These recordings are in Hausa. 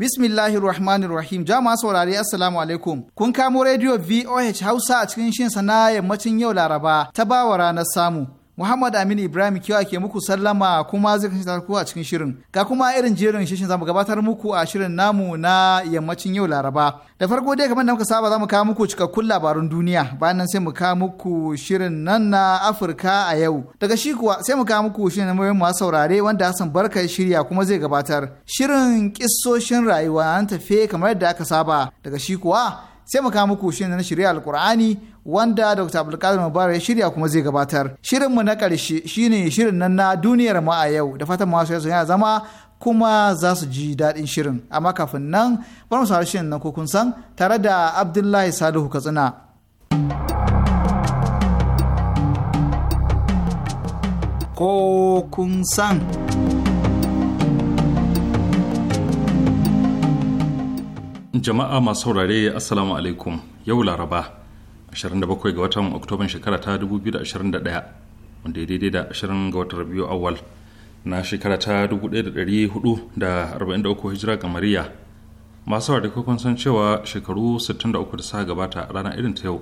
Bismillahir Rahmanir Rahim. Jama saurare Assalamu alaikum. Kun kamo rediyo VOH Hausa a cikin shin sana yammacin yau Laraba ta bawa ranar samu. Muhammad Aminu Ibrahim kiwa ke muku sallama kuma zai kasance ku a cikin shirin. Ga kuma irin jerin shishin zamu gabatar muku a shirin namu na yammacin yau Laraba. Da farko dai kamar da muka saba zamu kawo muku cikakkun labarun duniya. Bayan nan sai mu kawo muku shirin nan na Afirka a yau. Daga shi kuwa sai mu kawo muku shirin na masu saurare wanda Hassan Barka ya shirya kuma zai gabatar. Shirin kissoshin rayuwa an tafe kamar yadda aka saba. Daga shi kuwa sai mu kawo muku shirin na shirya alkur'ani wanda dr abdulkadir mubarak ya shirya kuma zai gabatar shirinmu na ƙarshe shine shirin nan na duniyar mu a yau da fatan masu yasa ya zama kuma za su ji daɗin shirin amma kafin nan bar mu saurari shirin nan ko kun san tare da abdullahi salihu katsina ko kun san jama'a masu saurare assalamu alaikum yau laraba 27 ga watan oktoban shekara ta 2021 wanda ya daidai da 20 ga watan rabiu awal na shekara ta 1443 hijira ga mariya masu saurare kun san cewa shekaru 63 da suka gabata ranar irin ta yau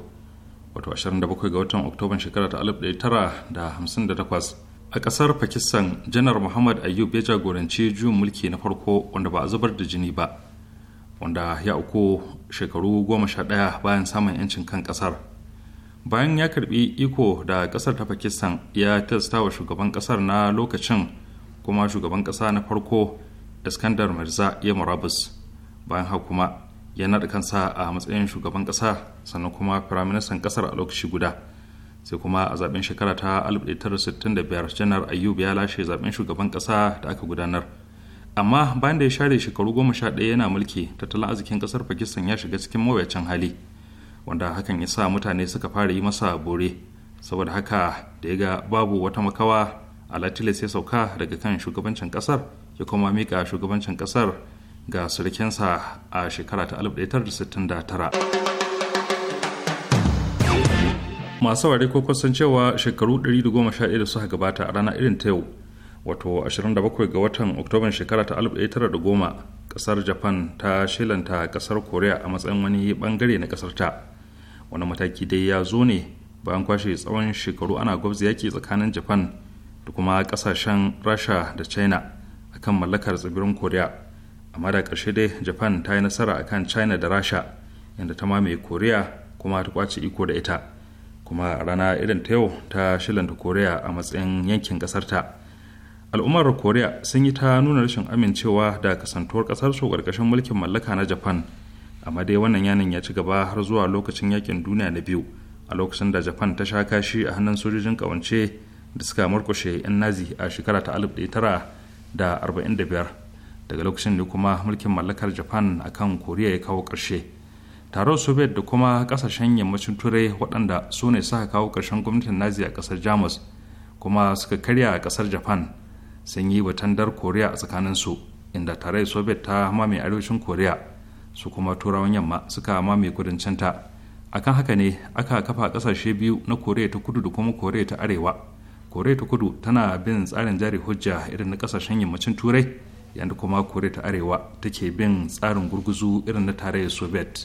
wato 27 ga watan oktoban shekara ta 1958 a kasar pakistan janar muhammad ayyub ya jagoranci juyin mulki na farko wanda ba a zubar da jini ba wanda ya uku shekaru goma sha ɗaya bayan samun 'yancin kan ƙasar bayan ya karbi iko da ƙasar ta pakistan ya wa shugaban ƙasar na lokacin kuma shugaban ƙasa na farko iskandar mirza ya murabus bayan haka kuma ya naɗa kansa a matsayin shugaban ƙasa sannan kuma firaministan ƙasar a lokaci guda sai kuma a zaben shekara ta 1965 janar ayyub ya lashe zaben shugaban ƙasa da aka gudanar amma bayan da ya share shekaru goma sha ɗaya yana mulki tattalin arzikin ƙasar pakistan ya shiga cikin mawuyacin hali wanda hakan ya sa mutane suka fara yi masa bore saboda haka da ya ga babu wata makawa alatilis ya sauka daga kan shugabancin ƙasar ya kuma miƙa shugabancin ƙasar ga surukinsa a shekara ta 1969 masu ware ko kusan cewa shekaru 111 da suka gabata a rana irin ta yau wato 27 ga watan oktoban shekara ta 1910 kasar japan ta shilanta kasar korea a matsayin wani bangare na kasar ta wani mataki dai ya zo ne bayan kwashe tsawon shekaru ana gwabza yaki tsakanin japan da kuma kasashen rasha da china akan mallakar tsibirin korea amma da ƙarshe dai japan ta yi nasara akan china da rasha inda ta mamaye korea kuma ta kwace iko da ita kuma rana irin ta yau ta shilanta korea a matsayin yankin ƙasarta ta al'ummar koriya sun yi ta nuna rashin amincewa da kasantuwar kasar su ƙarƙashin mulkin mallaka na japan amma dai wannan yanin ya ci gaba har zuwa lokacin yakin duniya na biyu a lokacin da japan ta sha kashi a hannun sojojin ƙawance da suka murkushe 'yan nazi a shekara ta 1945 daga lokacin da kuma mulkin mallakar japan a kan koriya ya kawo ƙarshe taron soviet da kuma ƙasashen yammacin turai waɗanda su ne suka kawo ƙarshen gwamnatin nazi a ƙasar jamus kuma suka karya a ƙasar japan sun yi batandar koriya a tsakaninsu inda tarayyar soviet ta mamaye arewacin koriya su kuma turawan yamma suka mamaye ta akan haka ne aka kafa kasashe biyu na koriya ta kudu da kuma koriya ta arewa koriya ta kudu tana bin tsarin jari hujja irin na kasashen yammacin turai yadda kuma koriya ta arewa take bin tsarin gurguzu irin na tarayyar soviet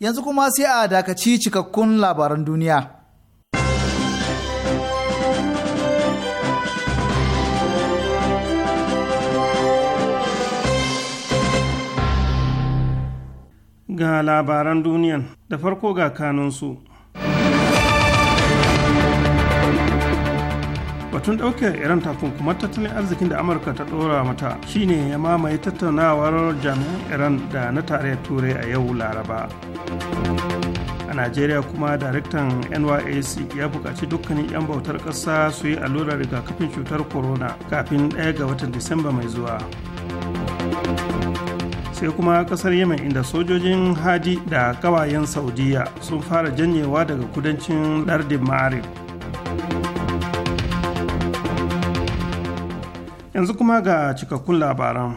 yanzu kuma sai a dakaci cikakkun labaran duniya. Ga labaran duniyan da farko ga kanunsu. batun ɗaukar iran takunkumar tattalin arzikin da amurka ta ɗora mata shine ya mamaye tattaunawar jami'an iran da na tarayyar turai a yau laraba a najeriya kuma daraktan nyac ya buƙaci dukkanin 'yan bautar ƙasa su yi allurar rigakafin cutar corona kafin ɗaya ga watan disamba mai zuwa sai kuma kasar yemen inda sojojin hadi da kawayen saudiya sun fara janyewa daga kudancin lardin ma'arib yanzu kuma ga cikakkun labaran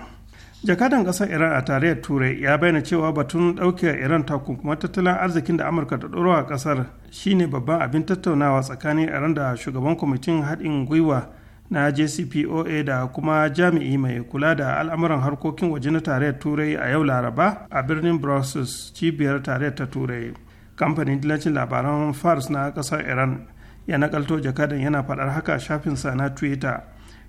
jakadan ƙasar iran a tarayyar turai ya bayyana cewa batun ɗauke iran takunkumar tattalin arzikin da amurka ta ɗorawa a ƙasar shine babban abin tattaunawa tsakanin iran da shugaban kwamitin haɗin gwiwa na jcpoa da kuma jami'i mai kula da al'amuran harkokin waje na tarayyar turai a yau laraba a birnin brussels cibiyar tarayyar ta turai kamfanin dillacin labaran fars na ƙasar iran ya nakalto jakadan yana faɗar haka shafinsa na twitter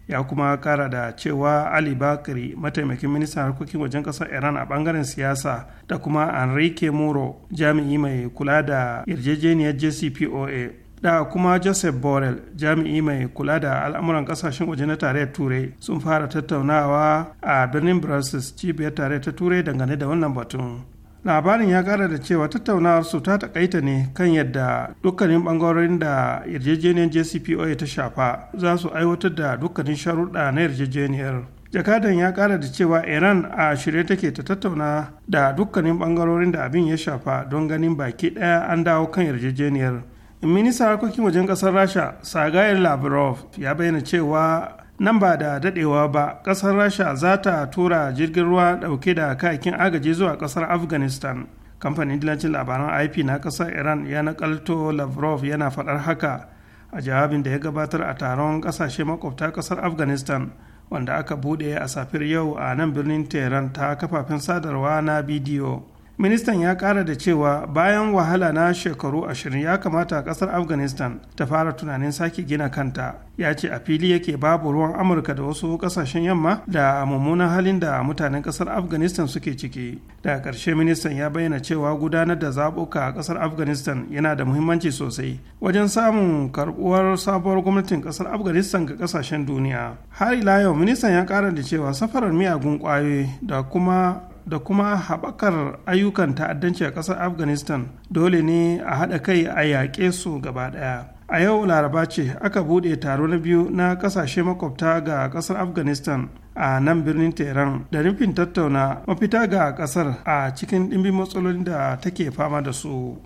ya kuma kara da cewa ali bakari mataimakin ministan harkokin wajen kasar iran a bangaren siyasa da kuma enrique muro jami'i mai kula da yarjejeniyar jcpoa da kuma joseph borrell jami'i mai kula da al'amuran kasashen waje na tarayyar turai sun fara tattaunawa a birnin brussels cibiyar tarayyar ta turai dangane da wannan batun labarin ya kara da cewa tattaunawar su ta takaita ne kan yadda dukkanin bangarorin da yarjejeniyar jcpoa ta shafa za su aiwatar da dukkanin sharuɗa na yarjejeniyar jakadan ya kara da cewa iran a shirye take ta tattauna da dukkanin bangarorin da abin ya shafa don ganin baki ɗaya an dawo kan yarjejeniyar ministan harkokin wajen ƙasar rasha sagayar lavrov ya bayyana cewa nan ba da dadewa ba kasar rasha za ta tura jirgin ruwa dauke da kayakin agaji zuwa kasar afghanistan kamfanin dilancin labaran ip na kasar iran ya nakalto lavrov yana faɗar haka a jawabin da ya gabatar a taron ƙasashe makwabta kasar afghanistan wanda aka buɗe a safiyar yau a nan birnin tehran ta kafafen sadarwa na bidiyo ministan ya kara da cewa bayan wahala na shekaru ashirin ya kamata kasar afghanistan ta fara tunanin sake gina kanta ya ce a fili yake babu ruwan amurka da wasu kasashen yamma da mummunan halin da mutanen kasar afghanistan suke ciki daga ƙarshe ministan ya bayyana cewa gudanar da zaɓuka a kasar afghanistan yana da muhimmanci sosai wajen samun karɓuwar sabuwar gwamnatin kasar afghanistan ga kasashen duniya har ila yau ministan ya kara da cewa safarar miyagun ƙwayoyi da kuma da kuma haɓakar ayyukan ta'addanci a ƙasar afghanistan dole ne a haɗa kai a yaƙe su gaba ɗaya a yau laraba ce aka buɗe taro na biyu na ƙasashe makwabta ga ƙasar afghanistan a nan birnin tehran da nufin tattauna mafita ga ƙasar a cikin ɗimbin matsalolin da take fama da su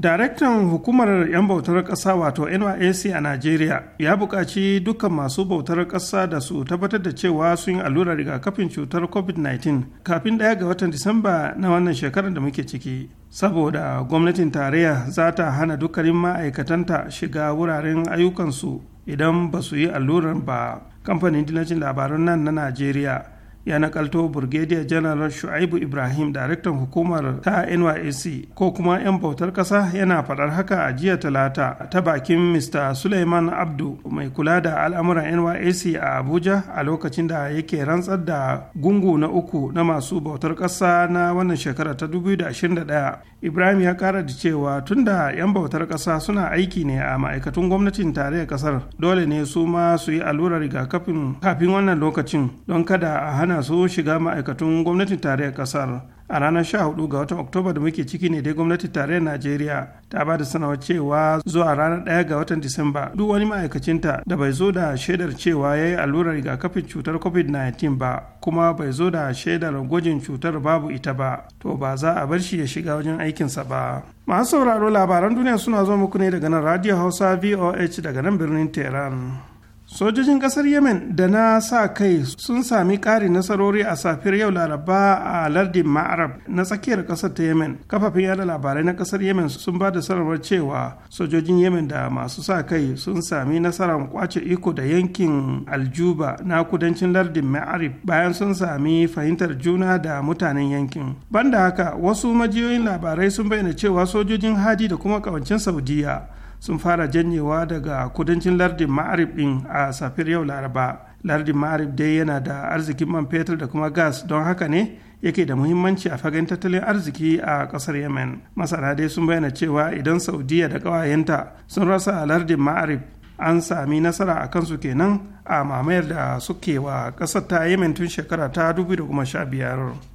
Daraktan hukumar 'yan bautar ƙasa wato NYSC a Najeriya ya buƙaci dukkan masu bautar ƙasa da su tabbatar da cewa sun yi allurar rigakafin cutar COVID-19 kafin ɗaya ga watan Disamba na wannan shekarar da muke ciki. Saboda gwamnatin tarayya za ta hana dukkanin ma'aikatanta shiga wuraren ayyukansu idan ba su yi allurar ba. Kamfanin dinacin labaran nan na Najeriya ya nakalto brigadier general shu'aibu ibrahim daraktan hukumar ta nysc ko kuma 'yan bautar ƙasa yana faɗar haka a jiya talata ta bakin mr suleiman abdu mai kula da al'amuran nysc a abuja a lokacin da yake rantsar da gungu na uku na masu bautar ƙasa na wannan shekara ta 2021 ibrahim ya kara da cewa tun da 'yan bautar ƙasa suna aiki ne a ma'aikatun gwamnatin tarayyar ƙasar dole ne su ma su yi allurar rigakafin kafin wannan lokacin don kada a hana ana su shiga ma'aikatun gwamnatin tarayyar kasar a ranar 14 ga watan oktoba da muke ciki ne dai gwamnatin tarayyar najeriya ta ba da sanawar cewa zuwa ranar 1 ga watan disamba duk wani ma'aikacinta da bai zo da shaidar cewa ya yi allurar rigakafin cutar covid-19 ba kuma bai zo da shaidar gwajin cutar babu ita ba to ba za a bar shi ya shiga wajen aikinsa ba masu sauraro labaran duniya suna zo muku ne daga nan radio hausa voh daga nan birnin tehran sojojin kasar yemen da na sa kai sun sami ƙari nasarori a safiyar yau laraba a lardin ma'arab na tsakiyar ƙasar ta yemen kafafen yada labarai na ƙasar yemen sun ba da sanarwar cewa sojojin yemen da masu sa kai sun sami nasarar kwace iko da yankin aljuba na kudancin lardin Ma'arab bayan sun sami fahimtar juna da mutanen yankin banda haka wasu majiyoyin labarai sun bayyana cewa sojojin hadi da kuma kawancin saudiya sun fara janyewa daga kudancin lardin ma'arib ɗin a safiyar yau laraba lardin ma'arib dai yana da arzikin man fetur da kuma gas don haka ne yake da muhimmanci a fagen tattalin arziki a ƙasar yemen masana dai sun bayyana cewa idan saudiya da ƙawayenta sun rasa lardin ma'arib an sami nasara a kansu kenan a mamayar da suke wa ƙasar ta yemen tun shekara ta 2015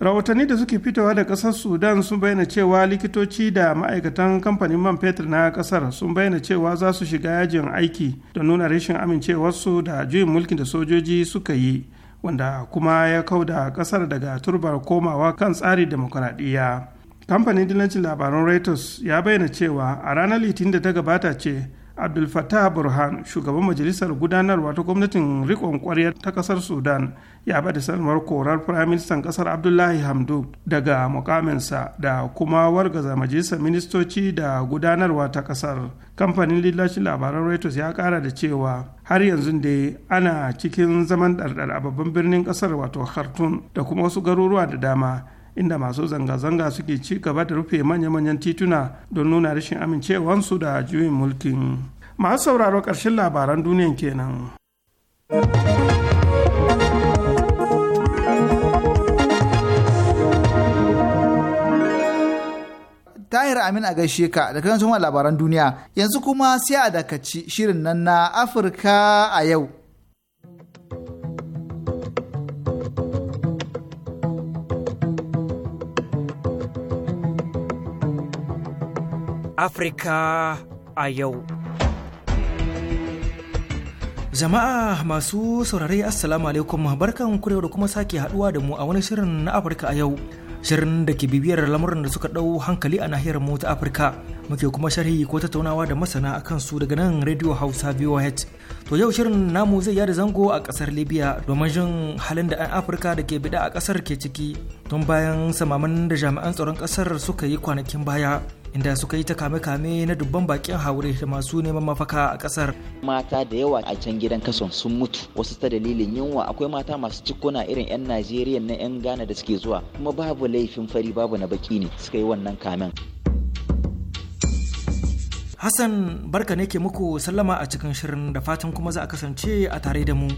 rahotanni da suke fitowa da kasar sudan sun bayyana cewa likitoci da ma'aikatan kamfanin man fetur na kasar sun bayyana cewa za su shiga yajin aiki don nuna rashin amincewarsu da juyin mulkin da sojoji suka yi wanda kuma ya kau da kasar daga turbar komawa kan tsari demokuraɗiyya kamfanin dillancin labaran reuters ya bayyana cewa a ranar litinin da ta gabata ce abdul fattah burhan shugaban majalisar gudanarwa ta gwamnatin rikon kwaryar ta kasar sudan ya bada sanarwar korar firaministan kasar abdullahi hamdu daga mukaminsa da kuma wargaza majalisar ministoci da gudanarwa ta kasar kamfanin lillacin labaran reuters ya kara da cewa har yanzu dai ana cikin zaman ɗarɗar a babban birnin kasar wato khartoum da kuma wasu garuruwa da dama inda masu zanga-zanga suke ci gaba da rufe manya-manyan tituna don nuna rashin amincewansu da juyin mulkin masu sauraro ƙarshen labaran duniyan kenan. tahir amin a gaishe ka da kan labaran duniya yanzu kuma sai a dakaci shirin nan na afirka a yau Afirka a yau. Jama'a masu saurare Assalamu alaikum barkan kurewa da kuma sake haduwa da mu a wani shirin na Afirka a yau. Shirin da ke bibiyar lamurin da suka ɗau hankali a nahiyar mu ta Afirka. Muke kuma sharhi ko tattaunawa da masana akan su daga nan Radio Hausa VOH. To yau shirin namu zai yada zango a kasar Libya domin jin halin da 'yan Afirka da ke bida a kasar ke ciki tun bayan samaman da jami'an tsaron kasar suka yi kwanakin baya. inda suka yi ta kame-kame na dubban bakin haure da masu neman mafaka a kasar. Mata da yawa a can gidan kason sun mutu wasu ta dalilin yunwa akwai mata masu cikuna irin 'yan Najeriya na 'yan Ghana da suke zuwa kuma babu laifin fari babu na baki ne suka yi wannan kamen. Hassan barka ne ke muku sallama a cikin shirin da fatan kuma za a kasance a tare da mu.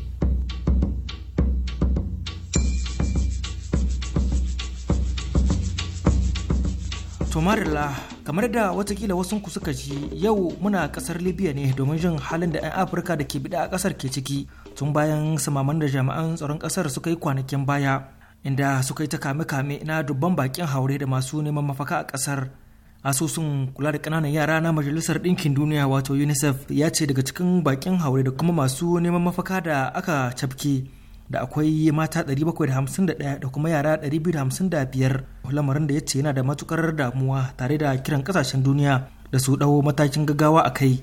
Tomarilla kamar da watakila wasunku suka ji yau muna kasar Libya ne domin jin halin da 'yan Afirka da ke bida a kasar ke ciki tun bayan samaman da jami'an tsaron kasar suka yi kwanakin baya inda suka yi ta kame-kame na dubban bakin haure da masu neman mafaka a kasar. asusun kula da ƙananan yara na majalisar ɗinkin duniya wato unicef ya ce daga cikin bakin haure da kuma masu neman mafaka da aka cafke da akwai mata 751 da kuma yara 255 lamarin da ya ce yana da matukar damuwa tare da kiran kasashen duniya da su ɗau matakin gaggawa a kai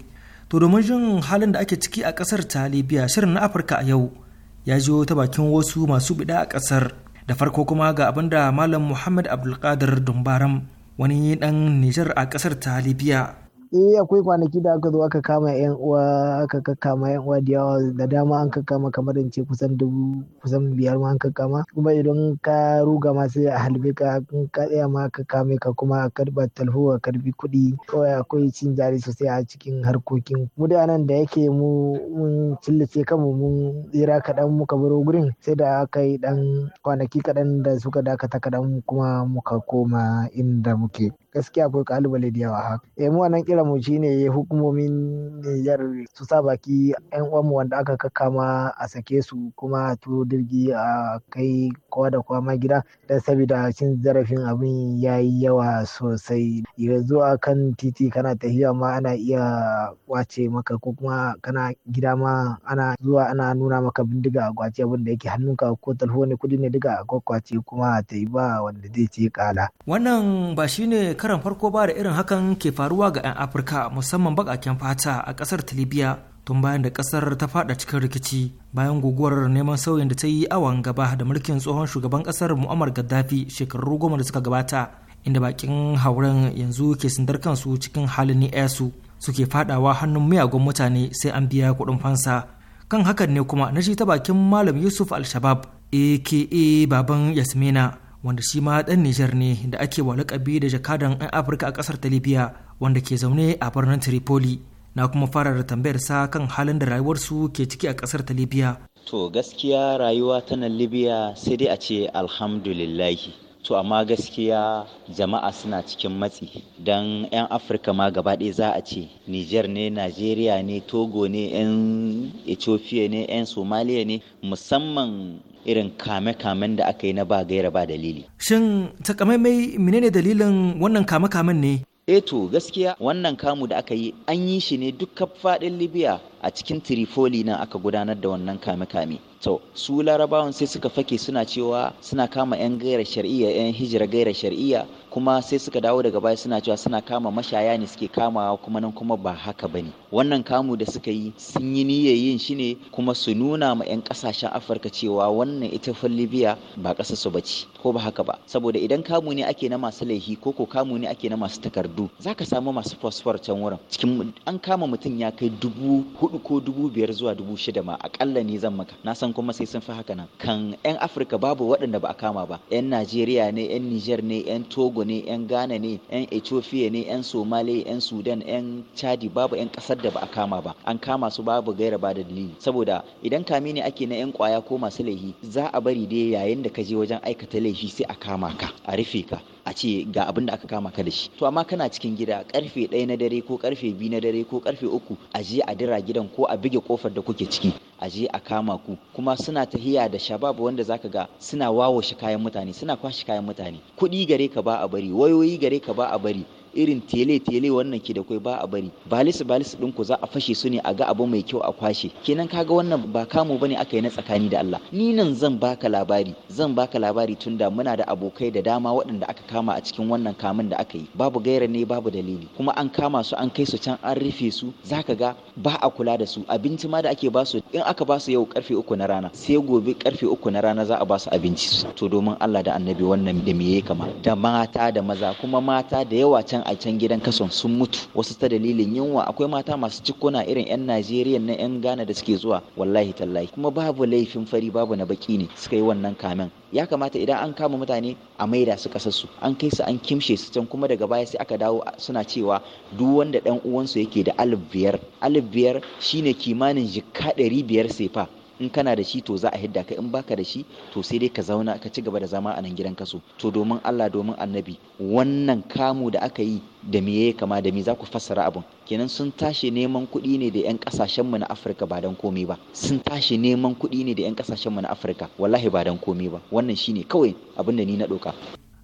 to domin jin halin da ake ciki a ƙasar ta libya shirin na afirka a yau ya jiyo ta bakin wasu masu bida a ƙasar da farko kuma ga abinda da malam muhammad abdulkadir dumbaram wani ɗan Nijar a ƙasar ta Libya eh akwai kwanaki da aka zo aka kama yan uwa aka kakkama yan uwa da da dama an kakkama kamar in ce kusan dubu kusan biyar ma an kakkama kuma idan ka ruga ma sai a halbe ka in ka tsaya ma ka kame ka kuma a karba talho a karbi kuɗi kawai akwai cin jari sosai a cikin harkokin mu da nan da yake mu mun cillace kanmu mun tsira kaɗan muka baro gurin sai da aka yi ɗan kwanaki kaɗan da suka dakata kaɗan kuma muka koma inda muke. gaskiya akwai kalubale da yawa haka eh mu wannan kiran mu shine hukumomin Niger su sa baki yan uwanmu wanda aka kakkama a sake su kuma a turo jirgi a kai kowa da kowa ma gida don saboda cin zarafin abin ya yi yawa sosai yanzu a kan titi kana tafiya ma ana iya wace maka ko kuma kana gida ma ana zuwa ana nuna maka bindiga a kwace abin da yake hannunka ko talfoni kudi ne duka a kwakwace kuma ta yi ba wanda zai ce kala. wannan ba shine karan farko ba da irin hakan ke faruwa ga 'yan afirka musamman bakaken fata a ƙasar talibiya tun bayan da kasar ta fada cikin rikici bayan guguwar neman sauyin da ta yi awan gaba da mulkin tsohon shugaban kasar mu'ammar gaddafi shekaru goma da suka gabata inda bakin hauren yanzu ke sindar kansu cikin halin su suke fadawa hannun miyagun mutane sai an biya kuɗin fansa kan hakan ne kuma na shi ta bakin malam yusuf alshabab aka baban yasmina wanda shi ma ɗan Nijar ne da ake wa lakabi da jakadan 'yan Afirka a ƙasar ta Libya wanda ke zaune a birnin Tripoli. na kuma fara da tambayar sa kan halin da rayuwarsu ke ciki a ƙasar ta libya to gaskiya rayuwa ta nan libya sai dai a ce alhamdulillahi to amma gaskiya jama'a suna cikin matsi don 'yan afirka ma gaba ɗaya za a ce niger ne nigeria ne togo ne 'yan ethiopia ne 'yan somalia ne musamman irin kame-kamen da aka yi na ba gaira ba dalili shin takamaimai menene dalilin wannan kame-kamen ne Eto, eh gaskiya wannan kamu da aka yi an yi shi ne duk faɗin libya a cikin tirifoli nan aka gudanar da wannan kame-kame to su larabawan sai suka fake suna cewa suna kama 'yan gaira shari'a 'yan hijira gaira shari'a kuma sai suka dawo daga baya suna cewa suna kama mashaya ne suke kamawa kuma nan kuma ba haka bane wannan kamu da suka yi sun yi niyyar yin shi ne kuma su nuna ma 'yan kasashen afirka cewa wannan ita fa libya ba kasa su bace ko ba haka ba saboda idan kamu ne ake na masu laihi ko ko kamu ne ake na masu takardu zaka samu masu fosfor can wurin cikin an kama mutum ya kai dubu hudu ko dubu biyar zuwa dubu shida ma akalla ne zan maka na san kuma sai sun fi haka nan kan 'yan afirka babu waɗanda ba a kama ba 'yan najeriya ne 'yan niger ne 'yan togo ne yan ghana ne yan ethiopia ne yan somali yan sudan yan chadi babu yan kasar da ba a kama ba an kama su babu gaira ba da dalili saboda idan kame ne ake na yan kwaya ko masu laifi za a bari dai yayin da ka je wajen aikata laifi sai a kama ka a rufe ka a ce ga abin da aka kama ka da shi to amma kana cikin gida karfe ɗaya na dare ko karfe biyu na dare ko karfe uku a je a dira gidan ko a bige kofar da kuke ciki a je a kama ku kuma suna tahiya da shabab wanda zaka ga suna wawo shi kayan mutane suna kwashi kayan mutane kuɗi gare ka ba a bari wayoyi gare ka ba a bari irin tele tele wannan ke da kwai ba a bari balis balis din ku za a fashe su ne a ga abu mai kyau a kwashe kenan kaga wannan ba kamu bane aka yi na tsakani da Allah ni nan zan baka labari zan baka labari tunda muna da abokai da dama waɗanda aka kama a cikin wannan kamun da aka yi babu gaira ne babu dalili kuma an kama su an kai su can an rufe su zaka ga ba a kula da su abinci ma da ake ba su in aka ba su yau karfe uku na rana sai gobe karfe uku na rana za a ba su abinci to domin Allah da annabi wannan da me yake kama da mata da maza kuma mata da yawa can a can gidan kason sun mutu wasu ta dalilin yunwa akwai mata masu cikuna irin 'yan Najeriya na 'yan Ghana da suke zuwa wallahi tallahi kuma babu laifin fari babu na baki ne suka yi wannan kamen ya kamata idan an kama mutane a maida su kasar su an kai su an kimshe su can kuma daga baya sai aka dawo suna cewa duk wanda dan uwansu yake da alif biyar alif biyar shine kimanin jikka ɗari biyar sefa in kana da shi to za a hidda ka in baka da shi to sai dai ka zauna ka ci gaba da zama a nan gidan kaso to domin Allah domin annabi wannan kamu da aka yi da me ya kama da me za ku fassara abun kenan sun tashi neman kuɗi ne da 'yan kasashen mu na Afirka ba dan komai ba sun tashi neman kuɗi ne da 'yan kasashen mu na Afirka wallahi ba dan komai ba wannan shine kawai abin da ni na ɗauka.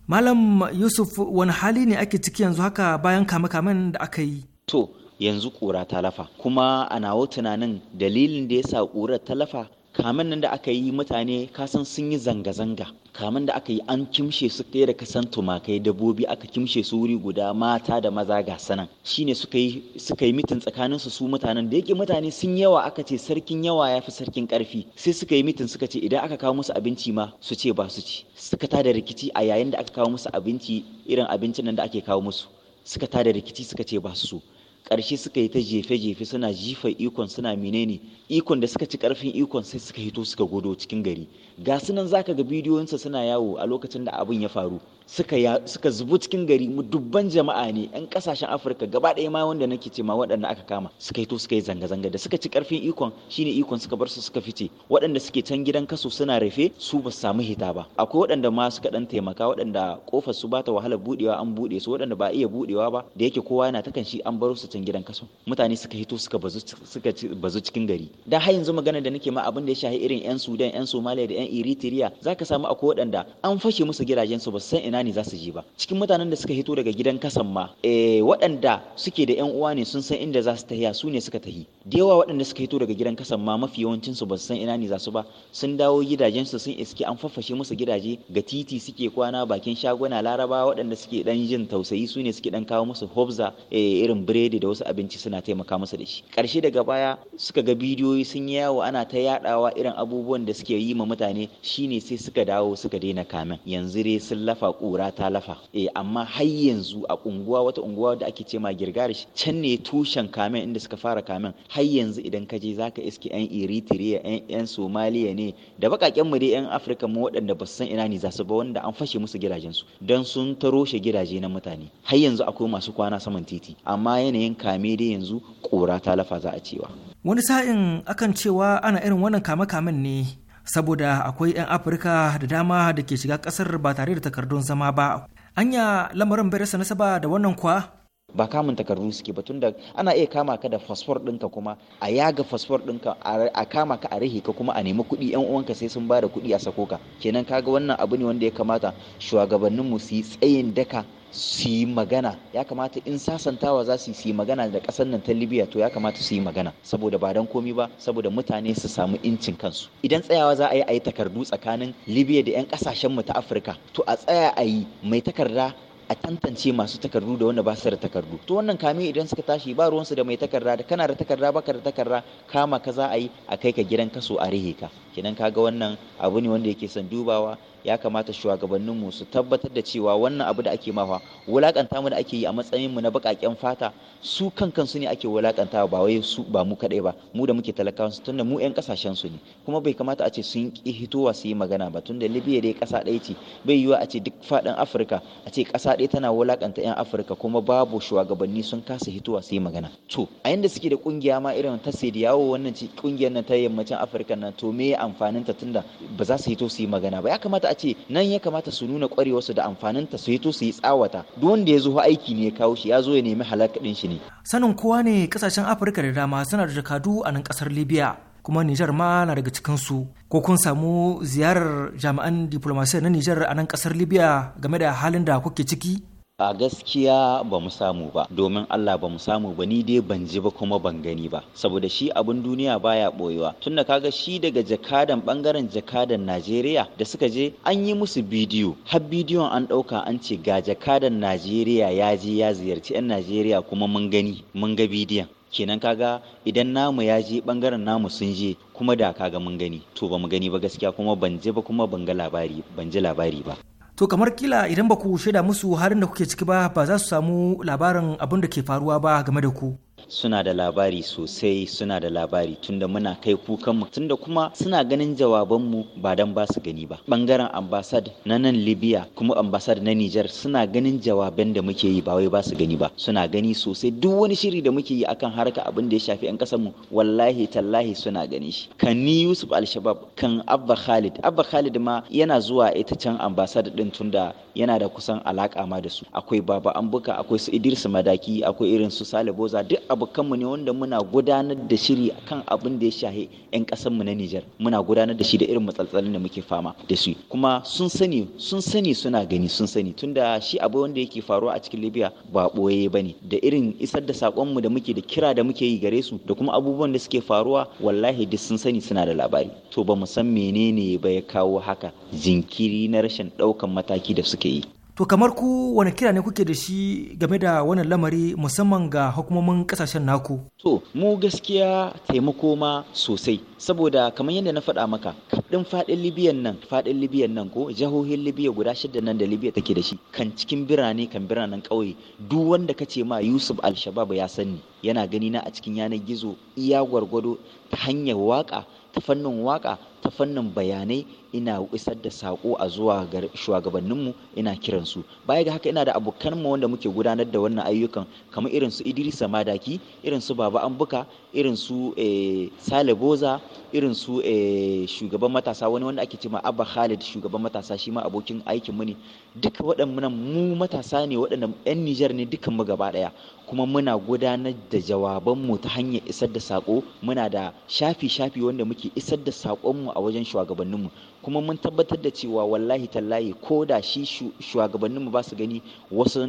Malam Yusuf wani hali ne ake ciki yanzu haka bayan kame-kamen da aka yi? To, yanzu ƙura ta lafa kuma a nawo tunanin dalilin da ya sa ƙurar ta lafa kamin nan da aka yi mutane kasan sun yi zanga-zanga kamin da aka yi an kimshe su ɗaya da kasan tumakai dabbobi aka kimshe su wuri guda mata da maza ga sanan shine suka yi suka yi mitin tsakanin su mutanen da yake mutane sun yawa aka ce sarkin yawa ya fi sarkin karfi sai suka yi mitin suka ce idan aka kawo musu abinci ma su ce ba su ci suka da rikici a yayin da aka kawo musu abinci irin abincin nan da ake kawo musu suka da rikici suka ce ba su so ƙarshe suka yi ta jefe-jefe suna jifa ikon suna menene ikon da suka ci ƙarfin ikon sai suka hito suka godo cikin gari ga sunan zaka ga bidiyoyinsa suna yawo a lokacin da abin ya faru suka zubu cikin gari mu dubban jama'a ne yan kasashen afirka gaba ɗaya ma wanda nake ce ma waɗanda aka kama suka yi to suka yi zanga-zanga da suka ci karfin ikon shine ikon suka bar su suka fice waɗanda suke can gidan kaso suna rufe su ba samu hita ba akwai waɗanda ma suka dan taimaka waɗanda kofar su bata wahala budewa an bude su waɗanda ba iya budewa ba da yake kowa yana ta shi an baro su can gidan kaso mutane suka hito suka bazu suka bazu cikin gari da har yanzu magana da nake ma abin da ya shahi irin yan Sudan yan Somalia da yan Eritrea zaka samu akwai waɗanda an fashe musu gidajen su ba san ina ne za su je ba cikin mutanen da suka hito daga gidan kasan ma eh waɗanda suke da yan uwa ne sun san inda za su tahiya su ne suka tahi da yawa waɗanda suka hito daga gidan kasan ma mafi yawancin su ba su san ina ne za su ba sun dawo gidajen su sun iske an fafashe musu gidaje ga titi suke kwana bakin shaguna laraba waɗanda suke dan jin tausayi su ne suke dan kawo musu hobza eh, irin biredi da wasu abinci suna taimaka musu da shi ƙarshe daga baya suka ga bidiyoyi sun yi yawo ana ta yaɗawa irin abubuwan da suke yi ma mutane shine sai suka dawo suka daina kamen yanzu dai sun lafa ƙura ta lafa eh amma har yanzu a unguwa wata unguwa da ake ce ma girgarish can ne tushen kamen inda suka fara kamen har yanzu idan ka je zaka iske yan eritrea yan yan somaliya ne da bakaken mu dai yan afirka mu waɗanda ba san ina ne za su ba wanda an fashe musu gidajen su dan sun taroshe gidaje na mutane har yanzu akwai masu kwana saman titi amma yanayin kame dai yanzu ƙura ta lafa za a cewa wani sa'in akan cewa ana irin wannan kame-kamen ne saboda akwai 'yan afirka da dama da ke shiga kasar ba tare da takardun zama ba anya lamarin bai rasa nasaba da wannan kwa ba kamun takardu suke ba tunda ana iya kama ka da fasfor ɗinka kuma a yaga fasfor ɗinka a kama ka a rahe ka kuma a nemi kuɗi yan uwanka sai sun bada kuɗi a sako ka kenan kaga wannan abu ne wanda ya kamata shugabannin mu su yi tsayin daka su yi magana ya kamata in sasantawa za su yi magana da ƙasar nan ta libya to ya kamata su yi magana saboda ba don komi ba saboda mutane su samu incin kansu idan tsayawa za a yi ayi takardu tsakanin libya da 'yan ƙasashen mu ta afirka to a tsaya a mai takarda a tantance masu takardu da wanda ba su da takardu to wannan kame idan suka tashi ba ruwansu da mai takarda da kana da takarda baka da takarda kama ka za a yi a kai ka gidan kaso a rihe ka kenan kaga wannan abu ne wanda yake son dubawa ya kamata shugabanninmu su tabbatar da cewa wannan abu da ake mawa wulakanta mu da ake yi a matsayinmu na baƙaƙen fata su kankan su ne ake wulakanta ba wai su ba mu kaɗai ba mu da muke talakawa, su tunda mu 'yan kasashen su ne kuma bai kamata a ce sun ki hitowa su yi magana ba tunda libya dai kasa ɗaya ce bai yiwa a ce duk faɗin afirka a ce kasa ɗaya tana wulakanta 'yan afirka kuma babu shugabanni sun kasa hitowa su yi magana to a yanda suke da kungiya ma irin ta yawo wannan kungiyar nan ta yammacin afirka nan to me ta tunda ba za su hito su yi magana ba ya kamata a ce nan ya kamata su nuna kwarewarsu da amfaninta su to su yi tsawata duk wanda ya zo aiki ne ya kawo shi ya zo ya nemi halak din shi ne sanin kowa ne kasashen afirka da dama suna da jakadu a nan kasar libya kuma nijar ma na daga cikin su ko kun samu ziyarar jami'an diplomasiya na nijar a nan kasar libya game da halin da kuke ciki a gaskiya ba mu samu ba domin Allah ba mu samu ba ni dai ban ji ba kuma ban gani ba saboda shi abin duniya baya boyewa tunda kaga shi daga jakadan bangaren jakadan Najeriya da suka je an yi musu bidiyo har bidiyon an dauka an ce ga jakadan Najeriya ya je ya ziyarci 'yan Najeriya kuma mun gani mun ga bidiyon kenan kaga idan namu ya je bangaren namu sun je kuma da kaga mun gani to ba mu gani ba gaskiya kuma ban je ba kuma ban ga labari ban ji labari ba To kamar kila idan ba ku shaida musu halin da kuke ciki ba ba za su samu labarin abin da ke faruwa ba game da ku. suna da labari sosai suna da labari tunda muna kai kukanmu tunda kuma suna ganin jawabanmu ba dan ba su gani ba bangaren ambasad na nan libya kuma ambasad na niger suna ganin jawaban da muke yi ba wai ba su gani ba suna gani sosai duk wani shiri da muke yi akan harka abin da ya shafi yan kasanmu wallahi tallahi suna gani shi kan ni yusuf al-shabab kan abba khalid abba khalid ma yana zuwa ita can ambasad din tunda yana da kusan alaka ma da su akwai baba ambuka akwai su idris madaki akwai irin su sale boza duk abokanmu ne wanda muna gudanar da shiri kan abin da ya shahe 'yan ƙasarmu na Nijar muna gudanar da shi da irin matsaltsalin da muke fama da su kuma sun sani sun sani suna gani sun sani tunda shi abu wanda yake faruwa a cikin Libya ba boye ne. da irin isar da saƙonmu da muke da kira da muke yi gare su da kuma abubuwan da suke faruwa wallahi duk sun sani suna da labari to ba mu san menene ba ya kawo haka jinkiri na rashin ɗaukan mataki da suke yi To kamar ku wani kira ne kuke da shi game da wannan lamari musamman ga hukumomin kasashen naku? To mu gaskiya taimako ma sosai saboda kamar yadda na faɗa maka kaɗin faɗin Libyan nan faɗin Libyan nan ko jihohin Libya guda shida nan da Libya take da shi kan cikin birane kan biranen ƙauye duk wanda ka ce ma Yusuf al shabaab ya sani yana gani na a cikin yanar gizo iya gwargwado ta hanyar waka ta fannin waka ta fannin bayanai ina isar da sako a zuwa ga shugabanninmu ina kiransu baya ga haka ina da abokan abokanmu wanda muke gudanar da wannan ayyukan kamar irin su Idris madaki irin su baba ambuka irin su eh, sale boza irin su eh, shugaban matasa wani wanda ake cewa abba khalid shugaban matasa shi ma abokin aikin mu ne duka waɗannan mu matasa ne waɗannan yan nijar ne dukan mu gaba ɗaya kuma muna gudanar da jawabanmu ta hanyar isar da saƙo muna da shafi-shafi wanda muke isar da saƙonmu a wajen shugabanninmu kuma mun tabbatar da cewa wallahi tallahi ko da shi shugabanninmu ba su gani wasu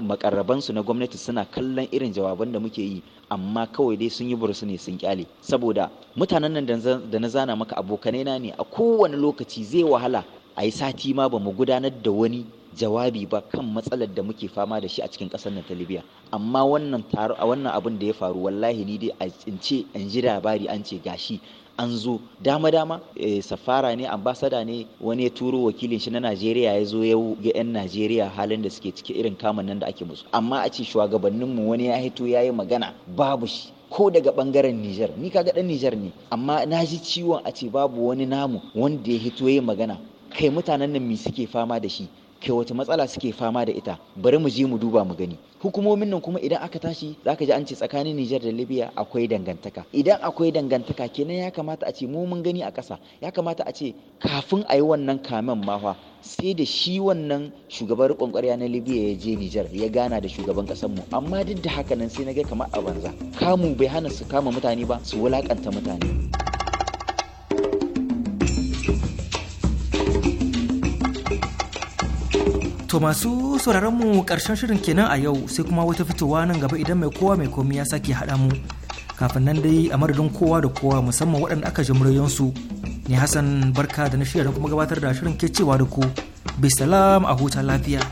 makarrabansu na gwamnati suna kallon irin jawaban da muke yi amma kawai dai sun yi burusu ne sun kyale saboda mutanen nan da na zana maka abokanai na ne a kowane lokaci zai wahala a yi sati ma ba mu gudanar da wani jawabi ba kan matsalar da muke fama da shi a cikin ƙasar nan ta Libya amma wannan taro a wannan abin da ya faru wallahi ni dai a tsince an ji labari an ce gashi an zo dama dama eh, safara ne ambasada ne wani ya turo wakilin shi na Najeriya ya zo ya ga yan Najeriya halin da suke ciki irin kamun nan da ake musu amma a ce shugabannin mu wani ya hito ya yi magana babu shi ko daga bangaren Nijar ni kaga dan Nijar ne amma na ji ciwon a ce babu wani namu wanda ya hito ya yi magana kai mutanen nan mi suke fama da shi ke wace matsala suke fama da ita bari mu je mu duba mu gani hukumomin nan kuma idan aka tashi za ka ji an ce tsakanin Nijar da Libya akwai dangantaka idan akwai dangantaka kenan ya kamata a ce mu mun gani a ƙasa ya kamata a ce kafin a yi wannan kamen mawa sai da shi wannan shugaban riƙon ƙwarya na Libya ya je Nijar ya gana da shugaban ƙasar mu amma duk da haka nan sai na ga kamar a banza kamu bai hana su kama mutane ba su wulakanta mutane. To masu sauraron mu karshen shirin kenan a yau sai kuma wata fitowa nan gaba idan mai kowa mai komi ya sake haɗa mu. Kafin nan dai a madadin kowa da kowa musamman waɗanda aka ji su ne Hassan barka da na shirya kuma gabatar da shirin ke cewa da ku. Bisalam a huta lafiya.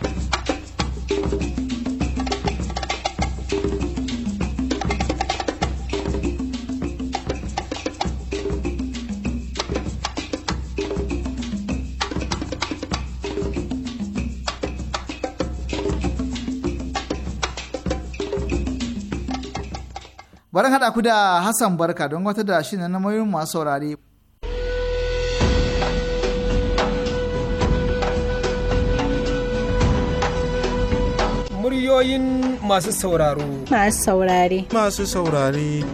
bari haɗa ku da Hassan Barka don wata da shi na mayoyin masu saurare. Muryoyin masu sauraro. Masu saurare. Masu saurare.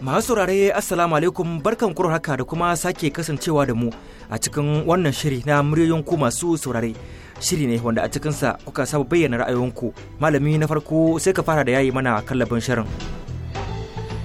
Masu saurare Assalamu alaikum barkan haka da kuma sake kasancewa da mu a cikin wannan shiri na muryoyin ku masu saurare. shiri ne wanda a cikinsa kuka saba bayyana ra'ayoyinku malami na farko sai ka fara da yayi mana kallabin shirin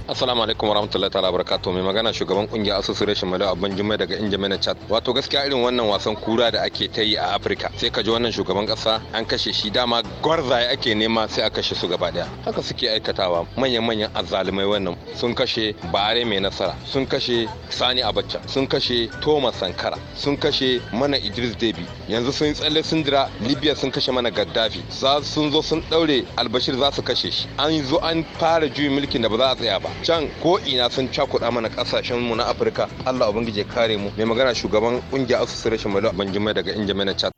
Assalamu alaikum warahmatullahi ta'ala barakatuh mai magana shugaban kungiyar association Malau abin Jummai daga Injimai na Chat. Wato gaskiya irin wannan wasan kura da ake ta yi a Afirka sai ka ji wannan shugaban kasa an kashe shi dama gwarzaye ake nema sai a kashe su gaba daya. Haka suke aikatawa manyan-manyan azzalumai wannan sun kashe Bare mai nasara sun kashe Sani Abacha sun kashe Thomas Sankara sun kashe mana Idris Debi yanzu sun tsalle sun jira Libya sun kashe mana Gaddafi za sun zo sun daure Albashir za su kashe shi an zo an fara juyin mulkin da ba za a tsaya ba can ko ina sun cakuɗa mana kasashen mu na afirka allah ubangiji ya kare mu mai magana shugaban ƙungiyar association malo banjima daga injimai na chat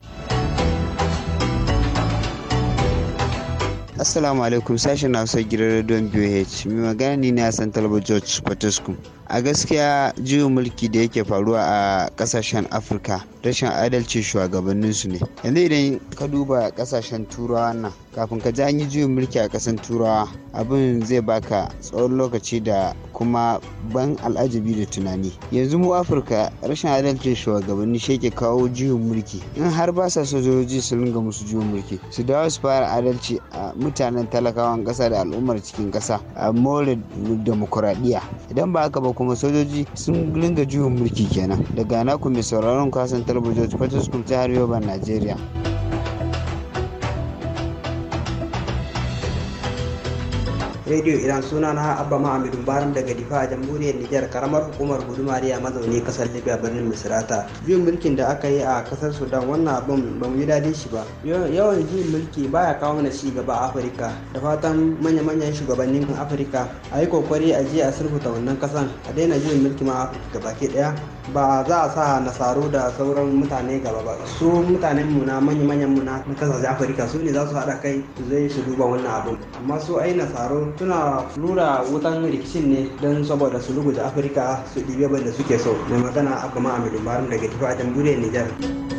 Assalamu alaikum sashen sai gidan Radio BH. Mai magana ne na Hassan Talba George Patescu. a gaskiya juyin mulki da yake faruwa a kasashen afirka rashin adalci su ne yanzu idan ka duba kasashen turawa nan kafin ka ji an yi juyin mulki a kasan turawa abin zai baka tsawon lokaci da kuma ban al'ajabi da tunani yanzu mu afirka rashin adalcin shugabanni shi ke kawo juyin mulki in har ba sa sojoji su ringa musu juyin mulki su dawo su fara adalci a mutanen talakawan kasa da al'ummar cikin kasa a more demokuraɗiyya idan ba haka ba kuma sojoji sun ringa juyin mulki kenan daga naku mai sauraron kasan talabijin ta jihar yoruba najeriya Rediyo iran suna na abba ma'amidun baran daga difa a jamhuriyar nijar karamar hukumar gudumariya mazauni kasar libya birnin misrata juyin mulkin da aka yi a kasar sudan wannan abin ba mu yi dadin shi ba yawan juyin mulki baya kawo mana ci gaba a afirka da fatan manya-manyan shugabannin afirka a yi kokari a je a sulhuta wannan kasan a daina juyin mulki ma afirka baki daya ba za a sa nasaru da sauran mutane gaba ba su mutanen mu na manya-manyan mu na kasashen afirka su ne za su haɗa kai su zai su duba wannan abin amma su ai nasaru suna nura wutan rikicin ne don saboda su da afirka su ɗibe da suke so mai magana a kuma barin daga tifa jamhuriyar nijar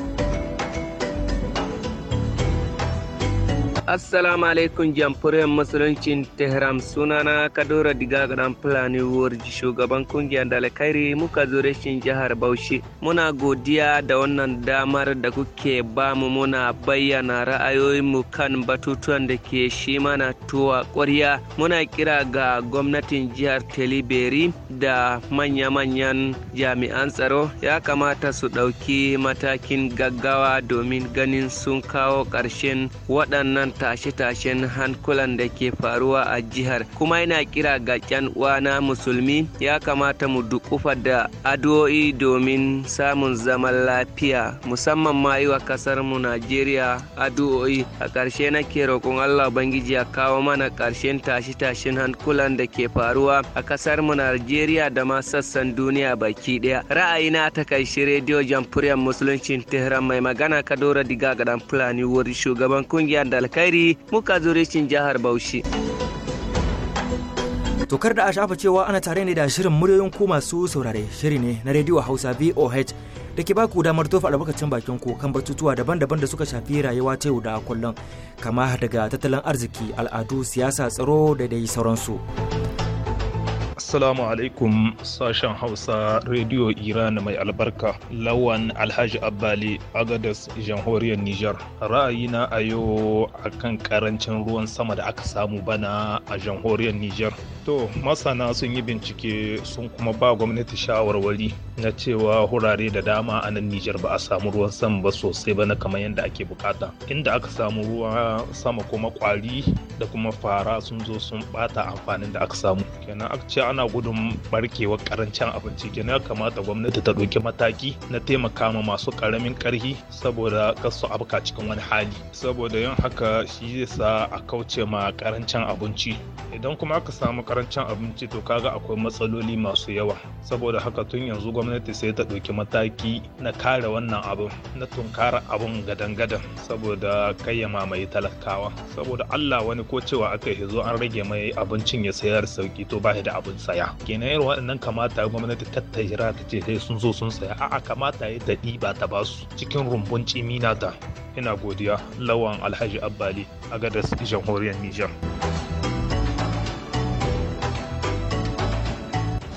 assalamu alaikum jamhuriyar musuluncin tehran sunana kadora diga gadan fulani warji shugaban kungiyar dalakairi muka zo rashin jihar bauchi muna godiya da wannan damar da kuke bamu muna bayyana ra'ayoyinmu kan batutuwan da ke shi mana tuwa ƙwarya muna kira ga gwamnatin jihar teliberi da manya-manyan jami'an tsaro ya kamata su ɗauki matakin gaggawa domin ganin sun kawo ƙarshen waɗannan tashe-tashen hankulan da ke faruwa a jihar kuma yana kira ga ƙyan na musulmi ya kamata mu dukufa da addu'o'i domin samun zaman lafiya musamman ma yi wa kasar mu Najeriya addu'o'i a ƙarshe nake roƙon Allah Ubangiji a kawo mana ƙarshen tashe-tashen hankulan da ke faruwa a kasar mu Najeriya da ma sassan duniya baki ɗaya ra'ayina ta kai shi rediyo jamhuriyar musuluncin Tehran mai magana Kadora Diga Gadan Fulani wuri shugaban kungiyar Dalkai Alkhairi muka zo rashin jihar Bauchi. Tokar da a shafa cewa ana tare ne da shirin muryoyin ku masu saurare shiri ne na rediyo Hausa VOH da ke baku damar tofa albarkacin bakin ku kan batutuwa daban-daban da suka shafi rayuwa ta yau da kullum kama daga tattalin arziki, al'adu, siyasa, tsaro da dai sauransu. Assalamu alaikum sashen Hausa Radio Iran mai albarka. Lawan Alhaji Abbali Agadez Jamhuriyar Nijar. Ra'ayina a yau akan karancin ruwan sama da aka samu bana a Jamhuriyar Nijar. To, masana sun yi bincike sun kuma ba gwamnati shawarwari na cewa hurare da dama a nan Nijar ba a samu ruwan sama ba sosai ba na kamar yadda ake bukata. Inda aka samu ruwa sama kuma kwari da kuma fara sun zo sun bata amfanin da aka samu. Kenan aka ce ana gudun barkewar karancin abinci kenan ya kamata gwamnati ta ɗauki mataki na taimaka ma masu ƙaramin ƙarfi saboda kasu abuka cikin wani hali saboda yin haka shi zai sa a kauce ma karancin abinci idan kuma aka samu karancin abinci to kaga akwai matsaloli masu yawa saboda haka tun yanzu gwamnati sai ta ɗauki mataki na kare wannan abin na tunkara abin gadan-gadan saboda kai ya mamaye talakawa saboda allah wani ko cewa aka yi zo an rage mai abincin ya sayar sauki to ba da abin tsaya kenan irin waɗannan kamata gwamnati ta jira ta ce sai sun zo sun saya a'a kamata ya daɗi ba ta basu cikin rumbun cimina ta ina godiya lawan alhaji abbali a gadar jamhuriyar nijar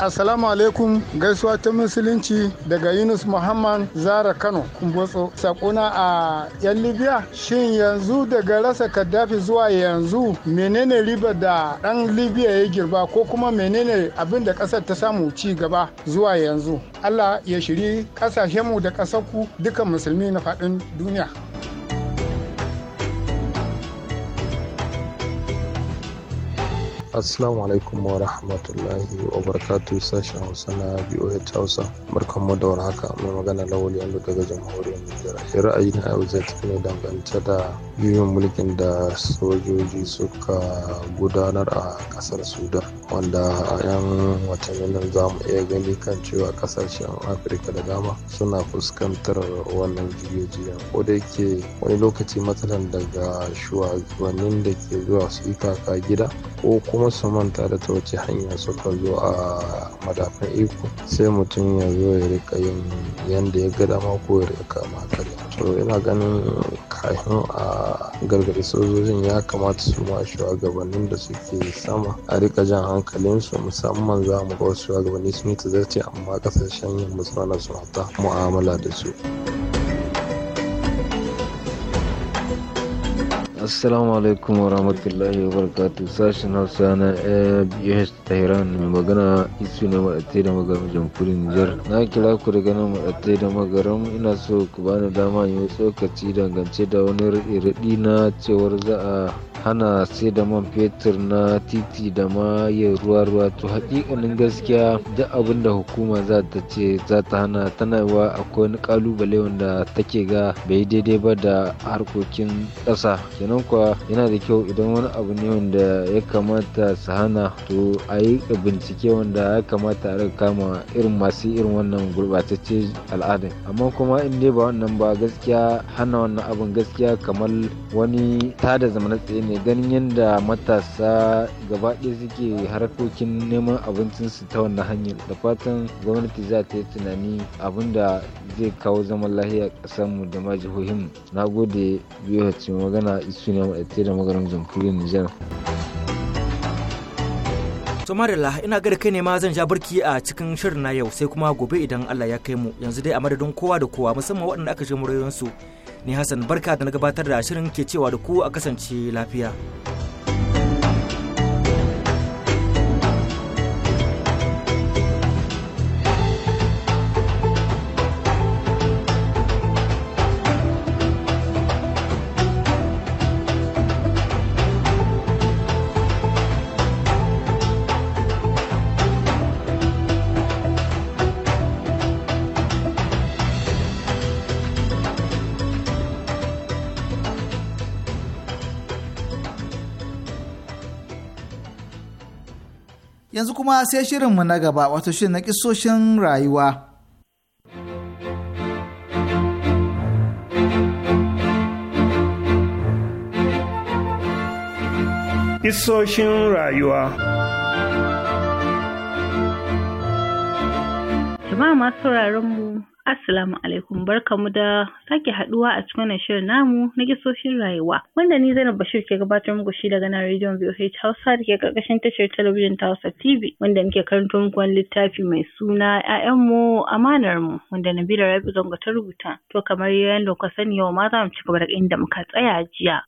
Assalamu alaikum gaisuwa ta musulunci daga Yunus Muhammad Zara Kano Kumbotso. sakuna a 'yan Libya shin yanzu daga rasa Kaddafi zuwa yanzu menene riba da ɗan Libya ya girba ko kuma menene abin da ƙasar ta samu ci gaba zuwa yanzu. Allah ya shiri kasashenmu da ku duka musulmi na faɗin duniya. assalamu alaikum wa rahmatullahi wa barakatuh sashen hausa na boh hausa barkan mu da warhaka mai magana lawali yalo daga jamhuriyar nijar ra'ayi na yau zai tafi ne dangance da juyin mulkin da sojoji suka gudanar a kasar sudan wanda a yan watannin nan za mu iya gani kan cewa kasashen afirka da dama suna fuskantar wannan juye jiya ko da yake wani lokaci matsalan daga shugabannin da ke zuwa su yi kaka gida ko kuma masa manta da ta wace hanya suka zo a madafan iko sai mutum ya zo ya rika yin yanda ya gada mako ya rika kama to ina ganin kafin a gargaɗi sojojin ya kamata su ma shugabannin da suke sama a rika jan hankalinsu musamman za mu ga shugabanni sun yi amma kasashen yamma suna na mu'amala da su. assalamu alaikum wa rahmatullahi wa barakatuh sashen hausa na bh tehran mai magana isu ne maɗatai da magaram jamhuriyar nijar na kira ku daga nan maɗatai da magaram ina so ku bani dama yi tsokaci dangance da wani raɗi na cewar za a hana sai da man fetur na titi da ma ya ruwa ruwa to hakikanin gaskiya duk abin da hukuma za ta ce za ta hana tana wa akwai wani kalubale wanda take ga bai daidai ba da harkokin ƙasa kenan kenan kuwa yana da kyau idan wani abu ne wanda ya kamata su hana to a yi bincike wanda ya kamata a kama irin masu irin wannan gurɓatacce al'adar amma kuma in dai ba wannan ba gaskiya hana wannan abin gaskiya kamar wani tada zamana tsaye ne ganin yadda matasa gaba ɗaya suke harkokin neman abincinsu ta wannan hanyar da fatan gwamnati za ta yi tunani abin da zai kawo zaman lahiya ƙasarmu da ma jihohinmu na gode biyu magana isu suna maɗaite da magaran jamhuriyar Nijar. To ina ga da kai ne ma zan ja barki a cikin shirin na yau sai kuma gobe idan Allah ya kai mu yanzu dai a madadin kowa da kowa musamman waɗanda aka ji murayensu. Ni Hassan barka da na gabatar da shirin ke cewa da ku a kasance lafiya. yanzu kuma sai shirinmu na gaba wato shirin na kisoshin rayuwa. Isoshin rayuwa Tuma masu mu Assalamu alaikum barkamu da sake haɗuwa a cikin wannan shirin namu na gisoshin rayuwa wanda ni Zainab Bashir ke gabatar muku shi daga nan rediyon VOH Hausa da ke karkashin tashar talabijin ta Hausa TV wanda muke karanto muku wani littafi mai suna ‘Ya'yanmu amanar mu wanda Nabila Rabi Zango ta rubuta to kamar yadda kuka sani yau ma za mu ci gaba da inda muka tsaya jiya.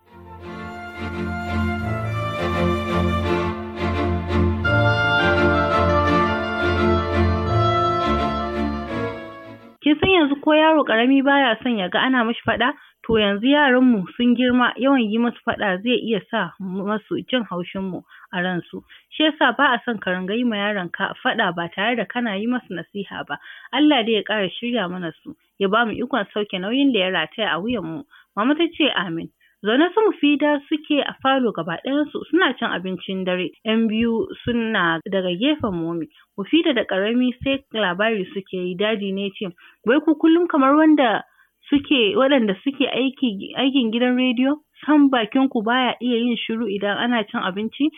yanzu ko yaro ƙarami baya son ya ga ana mashi faɗa to yanzu yaranmu sun girma yawan yi masu faɗa zai iya sa masu jin haushinmu a ransu shi yasa ba a son ka ringa yi ma faɗa ba tare da kana yi masu nasiha ba Allah dai ya ƙara shirya mana su ya bamu ikon sauke nauyin da ya rataya a wuyanmu mama ta ce amin zaune mufida suke a falo gaba su suna cin abincin dare yan biyu suna daga gefen momi mufida da ƙarami sai labari suke yi dadi ne ce wai ku kullum kamar wanda suke waɗanda suke aiki aikin gidan rediyo san bakin ku baya iya yin shiru idan ana cin abinci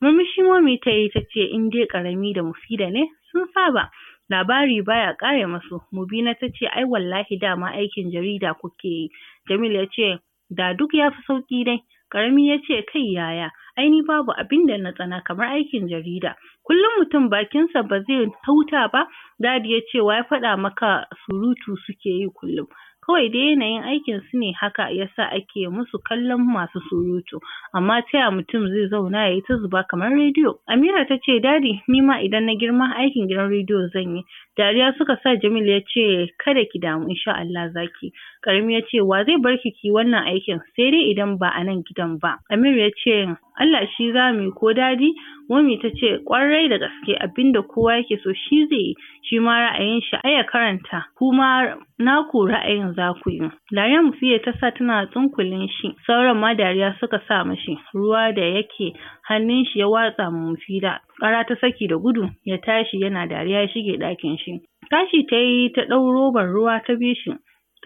murmushi momi ta yi ta ce in dai ƙarami da mufida ne sun saba labari baya kare masu mubina ta ce ai wallahi dama aikin jarida kuke yi jamil ya ce Da duk ya fi sauƙi dai. Ƙarami ya ce, Kai yaya, ai ni babu abin da na tsana kamar aikin jarida. Kullum mutum bakinsa ba zai huta ba, dadi ya ce, wa ya faɗa maka surutu suke yi kullum. kawai dai yanayin aikin su ne haka yasa ake musu kallon masu surutu amma taya mutum zai zauna ya yi ta zuba kamar rediyo Amira ta ce dadi ni ma idan na girma aikin gidan rediyo zan yi dariya suka sa Jamil ya ce kada ki damu insha Allah zaki Karimi ya ce wa zai bar ki ki wannan aikin sai dai idan ba a nan gidan ba Amir ya ce Allah shi za mu yi ko dadi Momi ta ce ƙwarai da gaske abinda kowa yake so shi zai yi shi ma ra'ayin shi ai karanta kuma naku ra'ayin za ku yi. Dariya Mufiya ta sa tana tsunkulin shi sauran ma dariya suka sa mashi ruwa da yake hannun shi ya watsa ma Mufida ƙara ta saki da gudu ya tashi yana dariya ya shige ɗakin shi. Tashi ta yi ta ɗau robar ruwa ta bi shi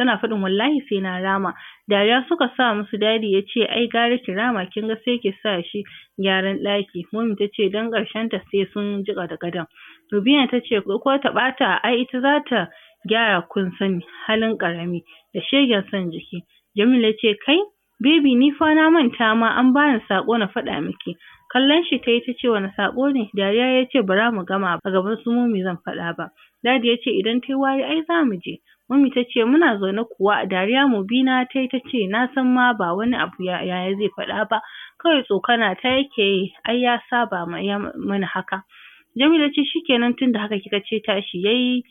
tana faɗin wallahi sai na rama dariya suka sa musu dadi ya ce ai gara ki rama kin ga sai ki sa shi gyaran ɗaki mummy ta ce don ƙarshen ta sai sun jiƙa da gadon Rubina ta ce ko ta ɓata ai ita za ta gyara kun sani halin ƙarami da shegen son jiki jamila ce kai baby ni fa na manta ma an bani saƙo na faɗa miki kallon shi ta yi ta ce wani saƙo ne dariya ya ce bara mu gama a gaban su mummy zan faɗa ba dadi ya ce idan ta yi wari ai za mu je Mummy ta ce muna zaune kuwa A dariya Mubina ta yi ta ce na san ma ba wani abu yaya zai faɗa ba kawai tsokana ta yake yi ai ya saba mana haka. Jamila ce shikenan tunda haka kika ce tashi yayi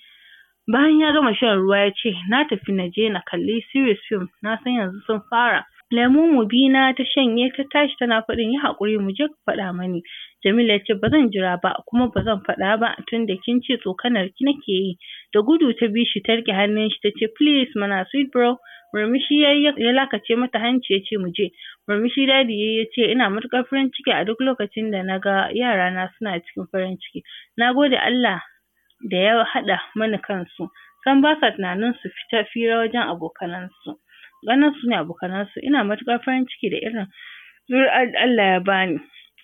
bayan ya gama shan ruwa ya ce na tafi na je na kalli series film na san yanzu sun fara. Lemu Mubina ta shanye ta tashi tana faɗin yi haƙuri mu je ka faɗa mani Jamilu ya ce ba zan jira ba kuma ba zan faɗa ba tunda kin ce tsokanar ki nake yi. Da gudu ta bi shi ta riƙe hannun shi ta ce please mana sweet bro. Murmushi ya lakace mata hanci ya ce mu je. Murmushi dadi ya ce ina matuƙar farin ciki a duk lokacin da na ga yarana suna cikin farin ciki. Na gode Allah da ya haɗa mana kansu. Sam ba sa tunanin su fita fira wajen abokanansu. Ganin su ne abokanansu ina matuƙar farin ciki da irin zuri'ar Allah ya bani.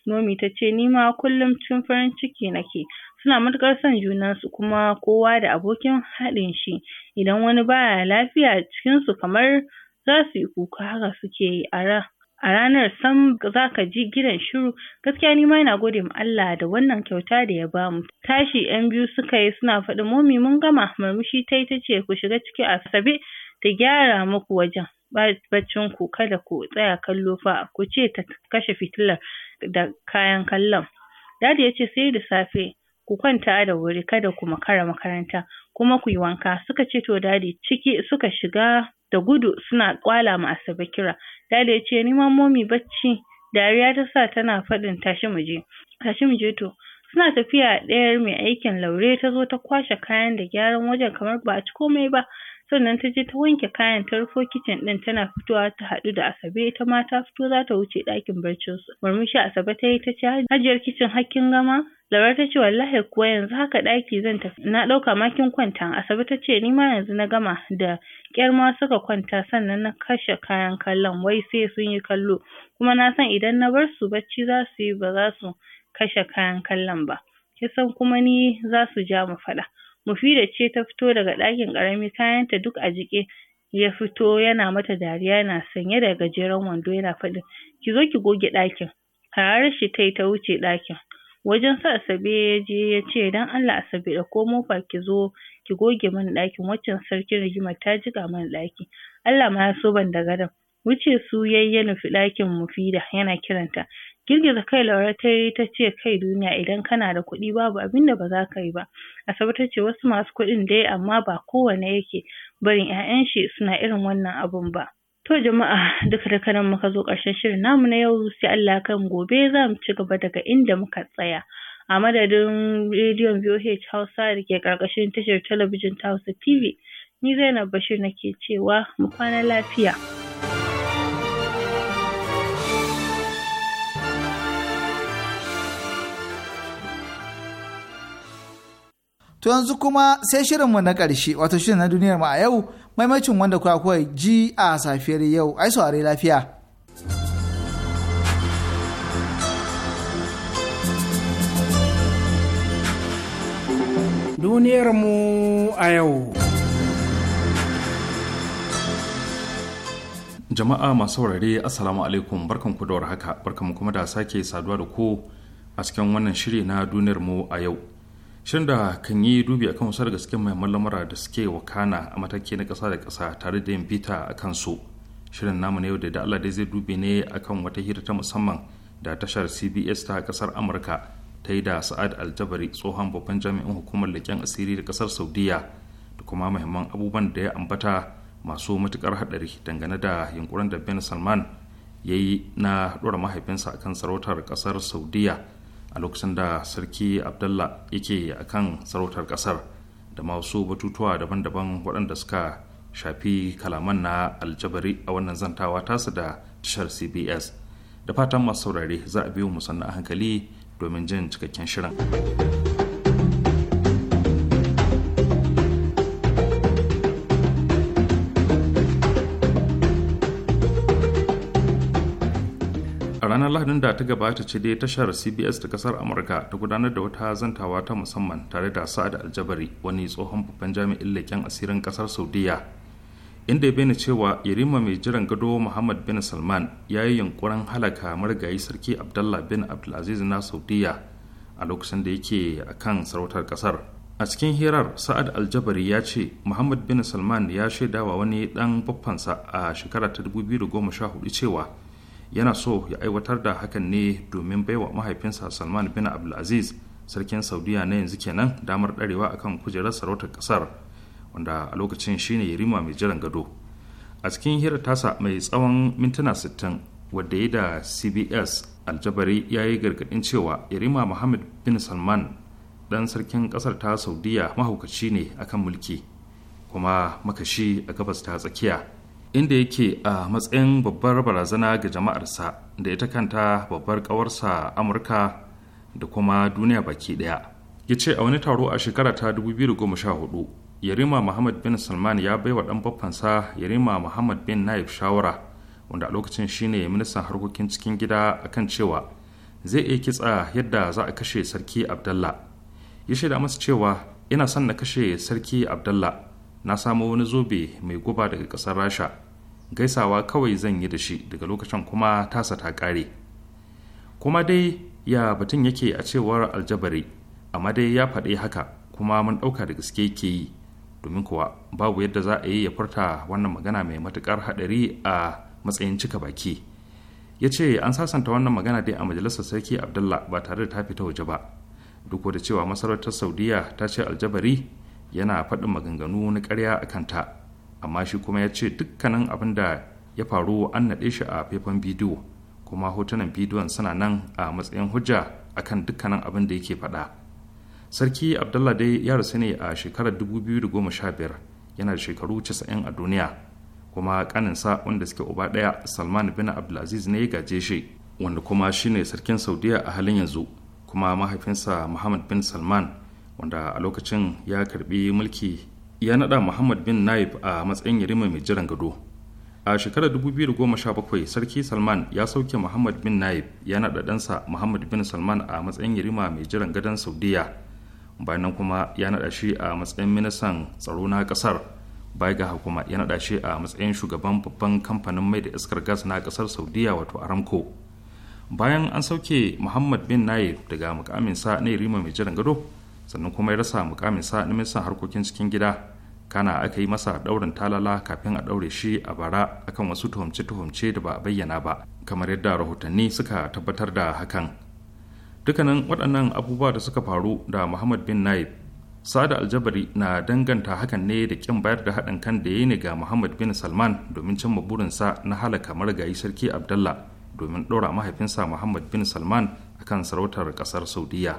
Nomi ta ce ni kullum cikin farin ciki nake. Suna matuƙar son junansu kuma kowa da abokin haɗin shi. Idan wani baya lafiya cikinsu kamar za su yi kuka haka suke yi a ra. A ranar sam za ka ji gidan shiru, gaskiya nima ma ina gode ma Allah da wannan kyauta da ya bamu. Tashi ‘yan biyu suka yi suna faɗin, momi mun gama, murmushi ta yi ce ku shiga ciki a sabe. ta gyara muku wajen baccin ku kada ku tsaya kallo fa ku ce ta kashe fitilar da kayan kallon dadi ce sai da safe ku kwanta da wuri kada ku makara makaranta kuma ku yi wanka suka ce to dadi ciki suka shiga da gudu suna kwala ma Asabe kira dadi ce ni ma momi bacci dariya ta sa tana faɗin tashi mu je tashi mu je to suna tafiya ɗayar mai aikin laure ta zo ta kwashe kayan da gyaran wajen kamar ba a ci komai ba sannan ta je ta wanke kayan ta rufo kicin ɗin tana fitowa ta haɗu da Asabe ita ma ta fito za ta wuce ɗakin barcin su murmushi Asabe ta yi ta ce hajiyar kicin hakkin gama Laura ta ce wallahi kuwa yanzu haka ɗaki zan tafi na ɗauka makin kin kwanta Asabe ta ce ni ma yanzu na gama da ƙyar ma suka kwanta sannan na kashe kayan kallon wai sai sun yi kallo kuma na san idan na bar su bacci za su yi ba za su kashe kayan kallon ba. Kisan kuma ni za su ja mu faɗa. Mufida ce ta fito daga ɗakin ƙarami kayanta duk a jiƙe ya fito yana mata dariya yana sanye da gajeren wando yana faɗin ki zo ki goge ɗakin. Harar shi ta yi ta wuce ɗakin. Wajen sa Asabe ya je ya ce don Allah Asabe ɗauko mofa ki zo ki goge mana ɗakin waccan sarkin rigimar ta jiƙa mana ɗaki. Allah ma ya so ban da gadon. Wuce su yayi ya nufi ɗakin Mufida yana kiranta Girgiza kai Laure ta ce kai duniya idan kana da kuɗi babu abin da ba za ka yi ba. Asabe ta ce wasu masu kuɗin dai amma ba kowane yake barin 'ya'yan shi suna irin wannan abun ba. To jama'a duka da kanan muka zo ƙarshen shirin namu na yau sai Allah kan gobe za mu ci gaba daga inda muka tsaya. A madadin rediyon VOH Hausa da ke ƙarƙashin tashar talabijin ta Hausa TV, ni Zainab Bashir nake cewa mu kwana lafiya. To yanzu kuma sai shirinmu na ƙarshe wato shirin na duniyar mu a yau maimacin wanda kuwa kuwa ji a safiyar yau ai saurari lafiya. Duniyar a yau. Jama'a masu saurare Assalamu alaikum barkanku da warhaka barkanku kuma da sake saduwa da ku a cikin wannan shiri na duniyarmu a yau. shin da kan yi dubi akan wasu daga cikin muhimman lamura da suke wakana a mataki na kasa da kasa tare da yin bita a kansu shirin namu na yau da Allah dai zai dubi ne akan wata hira ta musamman da tashar cbs ta ƙasar amurka ta yi da sa'ad aljabari tsohon babban jami'in hukumar leƙen asiri da kasar saudiya da kuma muhimman abubuwan da ya ambata masu matuƙar haɗari dangane da yunkurin da ben salman ya yi na ɗora mahaifinsa akan sarautar ƙasar saudiya a lokacin da sarki abdullah yake a kan sarautar kasar da masu batutuwa daban-daban waɗanda suka shafi kalaman na aljabari a wannan zantawa tasu da tashar cbs da fatan masu saurari za a biyo musamman hankali domin jin cikakken shirin. ranar lahadin da ta gabata ce dai tashar cbs ta kasar amurka ta gudanar da wata zantawa ta musamman tare da sa'ad aljabari wani tsohon babban jami'in leken asirin kasar saudiya inda ya bayyana cewa yarima mai jiran gado muhammad bin salman ya yi yunkurin halaka marigayi sarki abdullah bin abdulaziz na saudiya a lokacin da yake a kan sarautar kasar a cikin hirar sa'ad aljabari ya ce muhammad bin salman ya shaidawa wani dan baffansa a shekara ta 2014 cewa yana so ya aiwatar da hakan ne domin baiwa mahaifinsa salman bin abdulaziz sarkin saudiya na yanzu kenan damar ɗarewa akan kujerar sarautar kasar wanda a lokacin shine yarima mai jiran gado a cikin hira tasa mai tsawon mintuna 60 wadda ya da cbs aljabari ya yi gargaɗin cewa yarima muhammad bin salman dan sarkin kasar ta saudiya mahaukaci ne akan mulki kuma makashi a gabas ta tsakiya inda yake a matsayin babbar barazana ga jama'arsa da ita kanta babbar ƙawarsa amurka da kuma duniya baki ɗaya ya ce a wani taro a shekara ta 2014 yarima muhammad bin salman ya baiwa ɗan baffansa yarima muhammad bin naif shawara wanda a lokacin shine ministan harkokin cikin gida akan cewa zai iya kitsa yadda za a kashe sarki abdallah ya shaida masa cewa ina son na kashe sarki abdallah na samo wani zobe mai guba daga ƙasar rasha gaisawa kawai zan yi da shi daga lokacin kuma tasa ta ƙare kuma dai ya batun yake a cewar aljabari amma dai ya faɗi haka kuma mun ɗauka da gaske ke yi domin kuwa babu yadda za a yi ya furta wannan magana mai matuƙar haɗari a matsayin cika baki ya ce an sasanta wannan magana dai a majalisar sarki abdullah ba tare da ta fita waje ba duk da cewa masarautar saudiya ta ce aljabari yana faɗin maganganu na ƙarya a kanta amma shi kuma ya ce dukkanin abin da ya faru an naɗe shi a faifan bidiyo kuma hotunan bidiyon suna nan a matsayin hujja akan dukkanin abin da yake faɗa sarki abdullah dai ya rasu ne a shekarar 2015 yana da shekaru 90 a duniya kuma kaninsa wanda suke uba ɗaya salman bin abdulaziz ne ya gaje shi wanda kuma shine sarkin saudiya a halin yanzu kuma mahaifinsa muhammad bin salman wanda a lokacin ya karbi mulki ya naɗa muhammad bin naif a matsayin yarima mai jiran gado a shekarar 2017 sarki salman ya sauke muhammad bin naif ya naɗa ɗansa muhammad bin salman a matsayin yarima mai jiran gadon saudiya bayan kuma ya naɗa shi a matsayin ministan tsaro na ƙasar bai ga kuma ya naɗa shi a matsayin shugaban babban kamfanin mai da iskar gas na ƙasar saudiya wato aramco bayan an sauke muhammad bin naif daga mukaminsa na yarima mai jiran gado sannan kuma ya rasa mukamin sa na harkokin cikin gida kana aka yi masa daurin talala kafin a daure shi a bara akan wasu tuhumce-tuhumce da ba a bayyana ba kamar yadda rahotanni suka tabbatar da hakan dukkanin waɗannan abubuwa da suka faru da muhammad bin naib sada aljabari na danganta hakan ne da kin bayar da haɗin kan da ya ne ga muhammad bin salman domin cimma burinsa na halaka marigayi sarki abdallah domin ɗora mahaifinsa muhammad bin salman akan sarautar ƙasar saudiya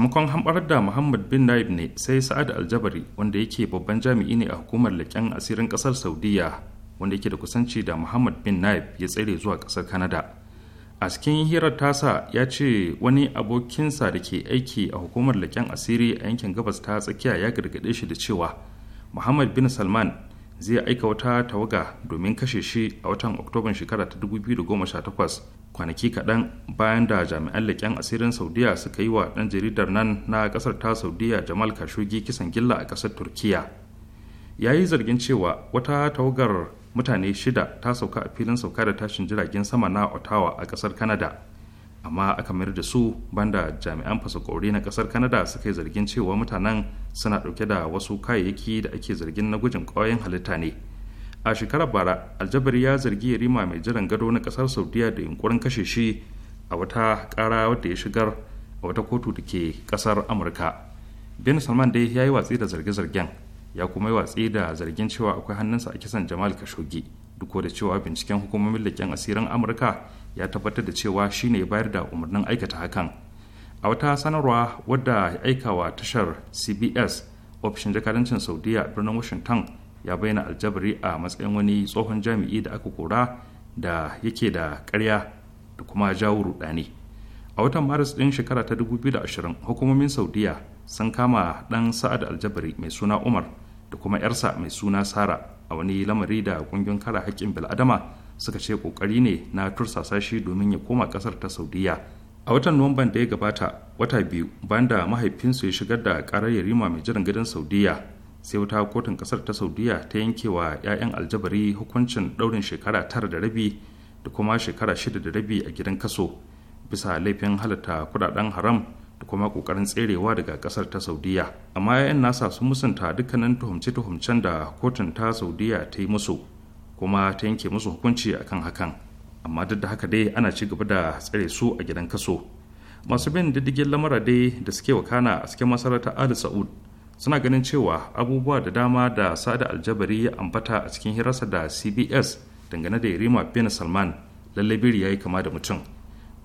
sakamakon hambar da muhammad bin naib ne sai sa'ad aljabari wanda yake babban jami'i ne a hukumar leƙen asirin ƙasar saudiya wanda yake da kusanci da muhammad bin naib ya tsere zuwa ƙasar kanada a cikin hirar tasa ya ce wani abokinsa da ke aiki a hukumar leƙen asiri a yankin gabas ta tsakiya ya gargaɗe shi da cewa muhammad bin salman zai aika wata tawaga domin kashe shi a watan oktoban shekara ta 2018 kwanaki kaɗan bayan da jami'an leƙen asirin saudiya suka yi wa ɗan jaridar nan na ƙasar ta saudiya jamal kashogi kisan gilla a ƙasar turkiya ya yi zargin cewa wata tawagar mutane shida ta sauka a filin sauka da tashin jiragen sama na ottawa a ƙasar kanada amma aka mayar da su banda jami'an fasakori na ƙasar kanada suka yi zargin cewa mutanen suna ɗauke da wasu kayayyaki da ake zargin na gujin ƙwayoyin halitta ne a shekarar bara aljabari ya zargi yarima mai jiran gado na kasar saudiya da yunkurin kashe shi a wata kara wadda ya shigar a wata kotu da ke kasar amurka bin salman dai ya yi watsi da zarge-zargen ya kuma yi watsi da zargin cewa akwai hannunsa a kisan jamal khashoggi duk da cewa binciken hukumomin leƙen asirin amurka ya tabbatar da cewa shi ne bayar da umarnin aikata hakan a wata sanarwa wadda ya aika wa tashar cbs ofishin jakadancin saudiya birnin washington ya bayyana aljabari a matsayin wani tsohon jami'i da aka kora da yake da karya da kuma jawo rudani a watan maris ɗin shekara ta 2020 hukumomin saudiya sun kama ɗan sa'ad aljabari mai suna umar da kuma 'yarsa mai suna sara a wani lamari da kungiyar kare haƙƙin bil'adama suka ce ƙoƙari ne na tursasa shi domin ya koma ƙasar ta saudiya a watan nuwamban da ya gabata wata biyu bayan da mahaifinsu ya shigar da ƙarar yarima mai jiran gidan saudiya sai wata kotun kasar ta saudiya ta yanke wa 'ya'yan aljabari hukuncin ɗaurin shekara tara da rabi da kuma shekara shida da rabi a gidan kaso bisa laifin halatta kudaden haram da kuma kokarin tserewa daga kasar ta saudiya amma 'ya'yan nasa sun musanta dukkanin tuhumce-tuhumcen da kotun ta saudiya ta yi musu kuma ta yanke musu hukunci akan hakan amma duk da haka dai ana ci gaba da tsare su a gidan kaso masu bin diddigin lamara dai da suke wakana a cikin masarautar ali sa'ud suna ganin cewa abubuwa da dama da sada aljabari ya ambata a cikin hirarsa da cbs dangane da yarima bin salman lallai biri ya yi kama da mutum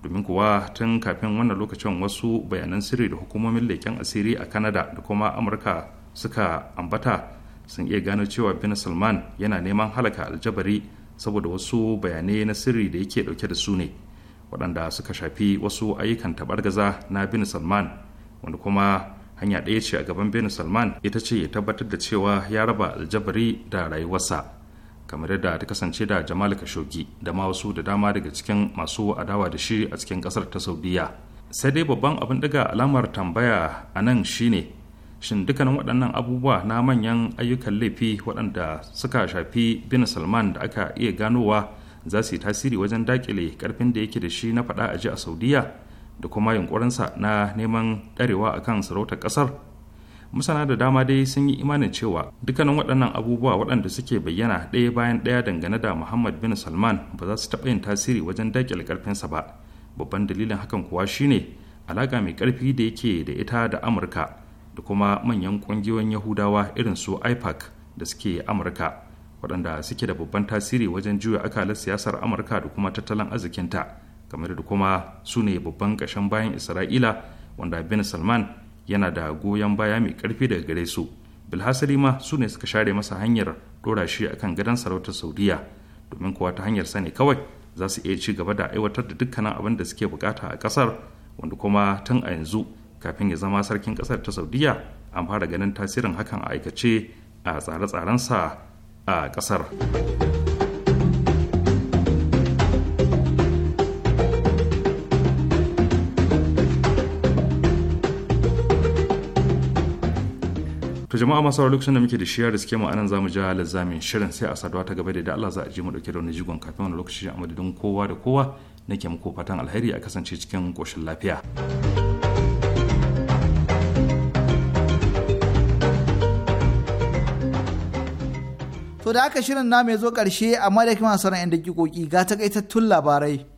domin kuwa tun kafin wannan lokacin wasu bayanan sirri da hukumomin leken asiri a kanada da kuma amurka suka ambata sun iya gano cewa bin salman yana neman halaka aljabari saboda wasu bayanai na sirri da yake dauke da su ne waɗanda suka shafi wasu ayyukan tabargaza na bin salman wanda kuma hanya ɗaya ce a gaban bin salman ita ce ya tabbatar da cewa ya raba aljabari da rayuwarsa kamar yadda ta kasance da jamal khashoggi da ma wasu da dama daga cikin masu adawa da shi a cikin ƙasar ta saudiya sai dai babban abin daga alamar tambaya a nan shine shin dukkanin waɗannan abubuwa na manyan ayyukan laifi waɗanda suka shafi bin salman da aka iya ganowa za su yi tasiri wajen dakile karfin da yake da shi na faɗa a ji a saudiya da kuma yunkurinsa na neman ɗarewa a kan sarautar ƙasar masana da dama dai sun yi imanin cewa dukkanin waɗannan abubuwa waɗanda suke bayyana ɗaya bayan ɗaya dangane da muhammad bin salman ba za su taɓa yin tasiri wajen daƙile ƙarfinsa ba babban dalilin hakan kuwa shine alaƙa mai ƙarfi da yake da ita da amurka da kuma manyan ƙungiyoyin yahudawa irin su ipac da suke amurka waɗanda suke da babban tasiri wajen juya akalar siyasar amurka da kuma tattalin arzikinta kamar da kuma su ne babban ƙashin bayan isra'ila wanda bin salman yana da goyon baya mai karfi daga gare su bilhassali ma su ne suka share masa hanyar dora shi akan gadon sarautar saudiya domin kuwa ta hanyar sani kawai za su iya ci gaba da aiwatar da dukkanin abin da suke bukata a kasar wanda kuma tun a yanzu kafin ya zama sarkin kasar ta saudiya an fara ganin tasirin hakan a aikace a tsare-tsarensa a kasar. to jama'a masu sauraro lokacin da muke da shiyar da suke anan zamu ja lazamin shirin sai a saduwa ta gaba da Allah za a ji mu dauke da wani jigon kafin wani lokaci a madadin kowa da kowa nake muku fatan alheri a kasance cikin koshin lafiya. To da aka shirin na mai zo karshe amma da kuma sauran 'yan dakikoki ga takaitattun labarai.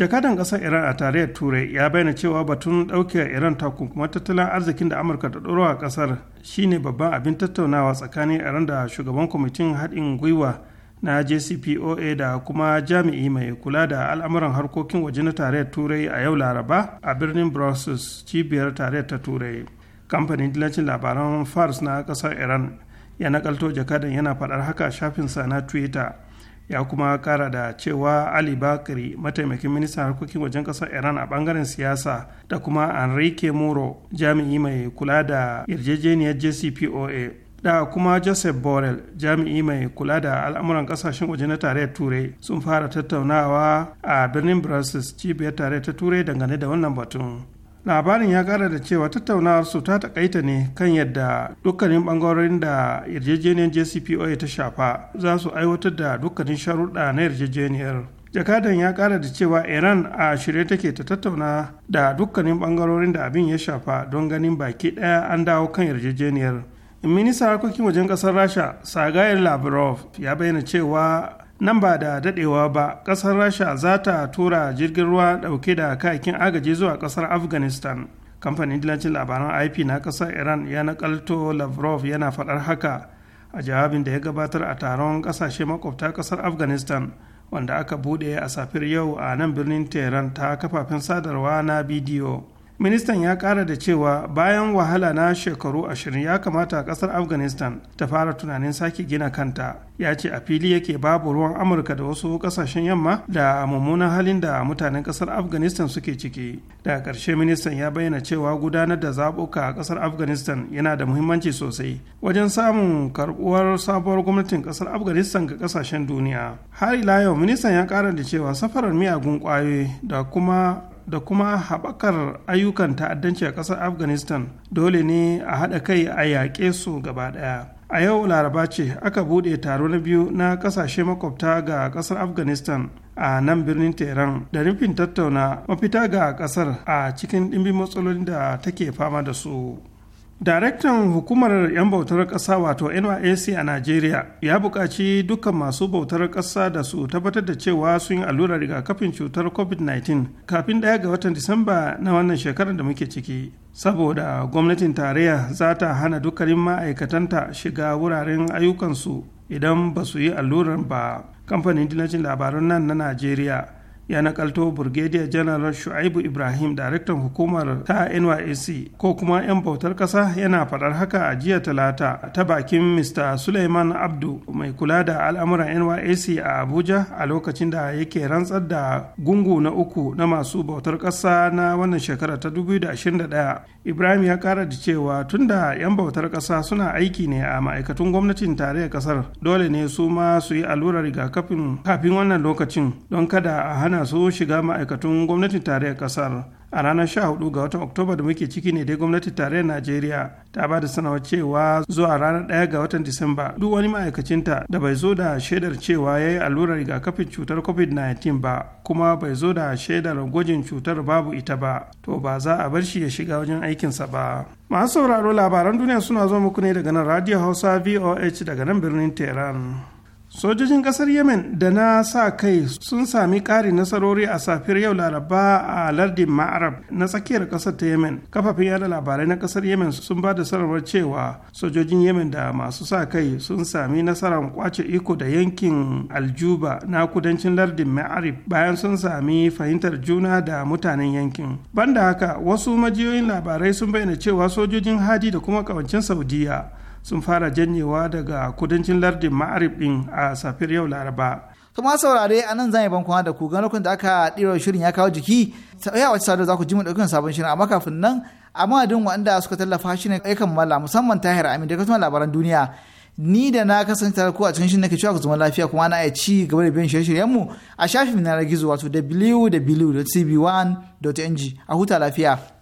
jakadan ƙasar iran a tarayyar turai ya bayyana cewa batun ɗauke iran takunkumar tattalin arzikin da amurka ta dorowa a ƙasar shine babban abin tattaunawa tsakanin iran da shugaban kwamitin haɗin gwiwa na jcpoa da kuma jami'i mai kula da al'amuran harkokin waje na tarayyar turai a yau laraba a birnin brussels cibiyar tarayyar ta turai kamfanin dillacin labaran fars na ƙasar iran ya nakalto jakadan yana faɗar haka shafinsa na twitter ya kuma kara da cewa ali bakri mataimakin ministan harkokin wajen kasar iran a bangaren siyasa da kuma enrique muro jami'i mai kula da yarjejeniyar jcpoa da kuma joseph borrell jami'i mai kula da al'amuran kasashen waje na tarayyar turai sun fara tattaunawa a birnin brussels cibiyar tarayyar ta turai dangane da wannan batun labarin ya kara da cewa tattaunawar su ta takaita ne kan yadda dukkanin bangarorin da yarjejeniyar jcpoa ta shafa za su aiwatar da dukkanin sharuɗa na yarjejeniyar jakadan ya kara da cewa iran a shirye take ta tattauna da dukkanin bangarorin da abin ya shafa don ganin baki ɗaya an dawo kan yarjejeniyar ministan harkokin wajen ƙasar rasha sagayin lavrov ya bayyana cewa nan ba da dadewa ba kasar rasha za ta tura jirgin ruwa dauke da kayakin agaji zuwa kasar afghanistan kamfanin dillancin labaran ip na kasar iran ya nakalto lavrov yana faɗar haka a jawabin da ya gabatar a taron ƙasashe makwabta kasar afghanistan wanda aka buɗe a safiyar yau a nan birnin tehran ta kafafen sadarwa na bidiyo ministan ya kara da cewa bayan wahala na shekaru ashirin ya kamata kasar afghanistan ta fara tunanin sake gina kanta ya ce a fili yake babu ruwan amurka da wasu kasashen yamma da mummunan halin da mutanen kasar afghanistan suke ciki daga ƙarshe ministan ya bayyana cewa gudanar da zaɓuka a kasar afghanistan yana da muhimmanci sosai wajen samun karɓuwar sabuwar gwamnatin kasar afghanistan ga kasashen duniya har ila yau ministan ya kara da cewa safarar miyagun kwayoyi da kuma da kuma haɓakar ayyukan ta'addanci a ƙasar afghanistan dole ne a haɗa kai a yaƙe su gaba ɗaya a yau laraba ce aka buɗe taro na biyu na ƙasashe makwabta ga ƙasar afghanistan a nan birnin tehran da nufin tattauna mafita ga ƙasar a cikin ɗimbin matsalolin da take fama da su Daraktan hukumar 'yan bautar ƙasa wato NYAC, a Najeriya ya buƙaci dukkan masu bautar ƙasa da su tabbatar da cewa sun yi allurar rigakafin cutar COVID-19 kafin ɗaya ga watan Disamba na wannan shekarar da muke ciki. Saboda gwamnatin tarayya za ta hana dukkanin ma'aikatanta shiga wuraren ayyukansu idan ba su yi allurar ba. Kamfanin dinacin labaran nan na Najeriya ya nakalto brigadier general shu'aibu ibrahim daraktan hukumar ta nysc ko kuma 'yan bautar ƙasa yana faɗar haka a jiya talata ta bakin mr suleiman abdu mai kula da al'amuran nysc a abuja a lokacin da yake rantsar da gungu na uku na masu bautar ƙasa na wannan shekara ta 2021 ibrahim ya kara da cewa tun da 'yan bautar ƙasa suna aiki ne a ma'aikatun gwamnatin tarayyar ƙasar dole ne su ma su yi allurar rigakafin kafin wannan lokacin don kada a hana su shiga ma'aikatun gwamnatin tarayyar ƙasar a ranar 14 ga watan oktoba da muke ciki ne dai gwamnatin tarayyar najeriya ta ba da sanarwar cewa zuwa ranar 1 ga watan disamba duk wani ma'aikacinta da bai zo da shaidar cewa ya yi allurar rigakafin cutar covid-19 ba kuma bai zo da shaidar gwajin cutar babu ita ba to ba za a bar shi ya shiga wajen aikinsa ba masu sauraro labaran duniya suna zo muku ne daga nan radio hausa voh daga nan birnin tehran sojojin kasar yemen da na sa kai sun sami ƙari nasarori a safiyar yau laraba a lardin ma'arab na tsakiyar kasar ta yemen kafafen yada labarai na kasar yemen sun ba da sanarwar cewa sojojin yemen da masu sa kai sun sami nasarar kwace iko da yankin aljuba na kudancin lardin ma'arib bayan sun sami fahimtar juna da mutanen yankin banda haka wasu majiyoyin labarai sun bayyana cewa sojojin hadi da kuma kawancin saudiya sun fara janyewa daga kudancin lardin ma'arib a safiyar yau laraba kuma saurare a nan zan yi da ku gano lokacin da aka ɗira shirin ya kawo jiki a wace sadar za ku ji mu ɗaukan sabon shirin amma kafin nan a madadin waɗanda suka tallafa shi ne ya kammala musamman tahir amin da kasuwan labaran duniya ni da na kasance tare ku a cikin shirin nake cewa ku zama lafiya kuma na iya ci gaba da biyan shirye-shiryen mu a shafin na gizo wato www.cb1.ng a huta lafiya.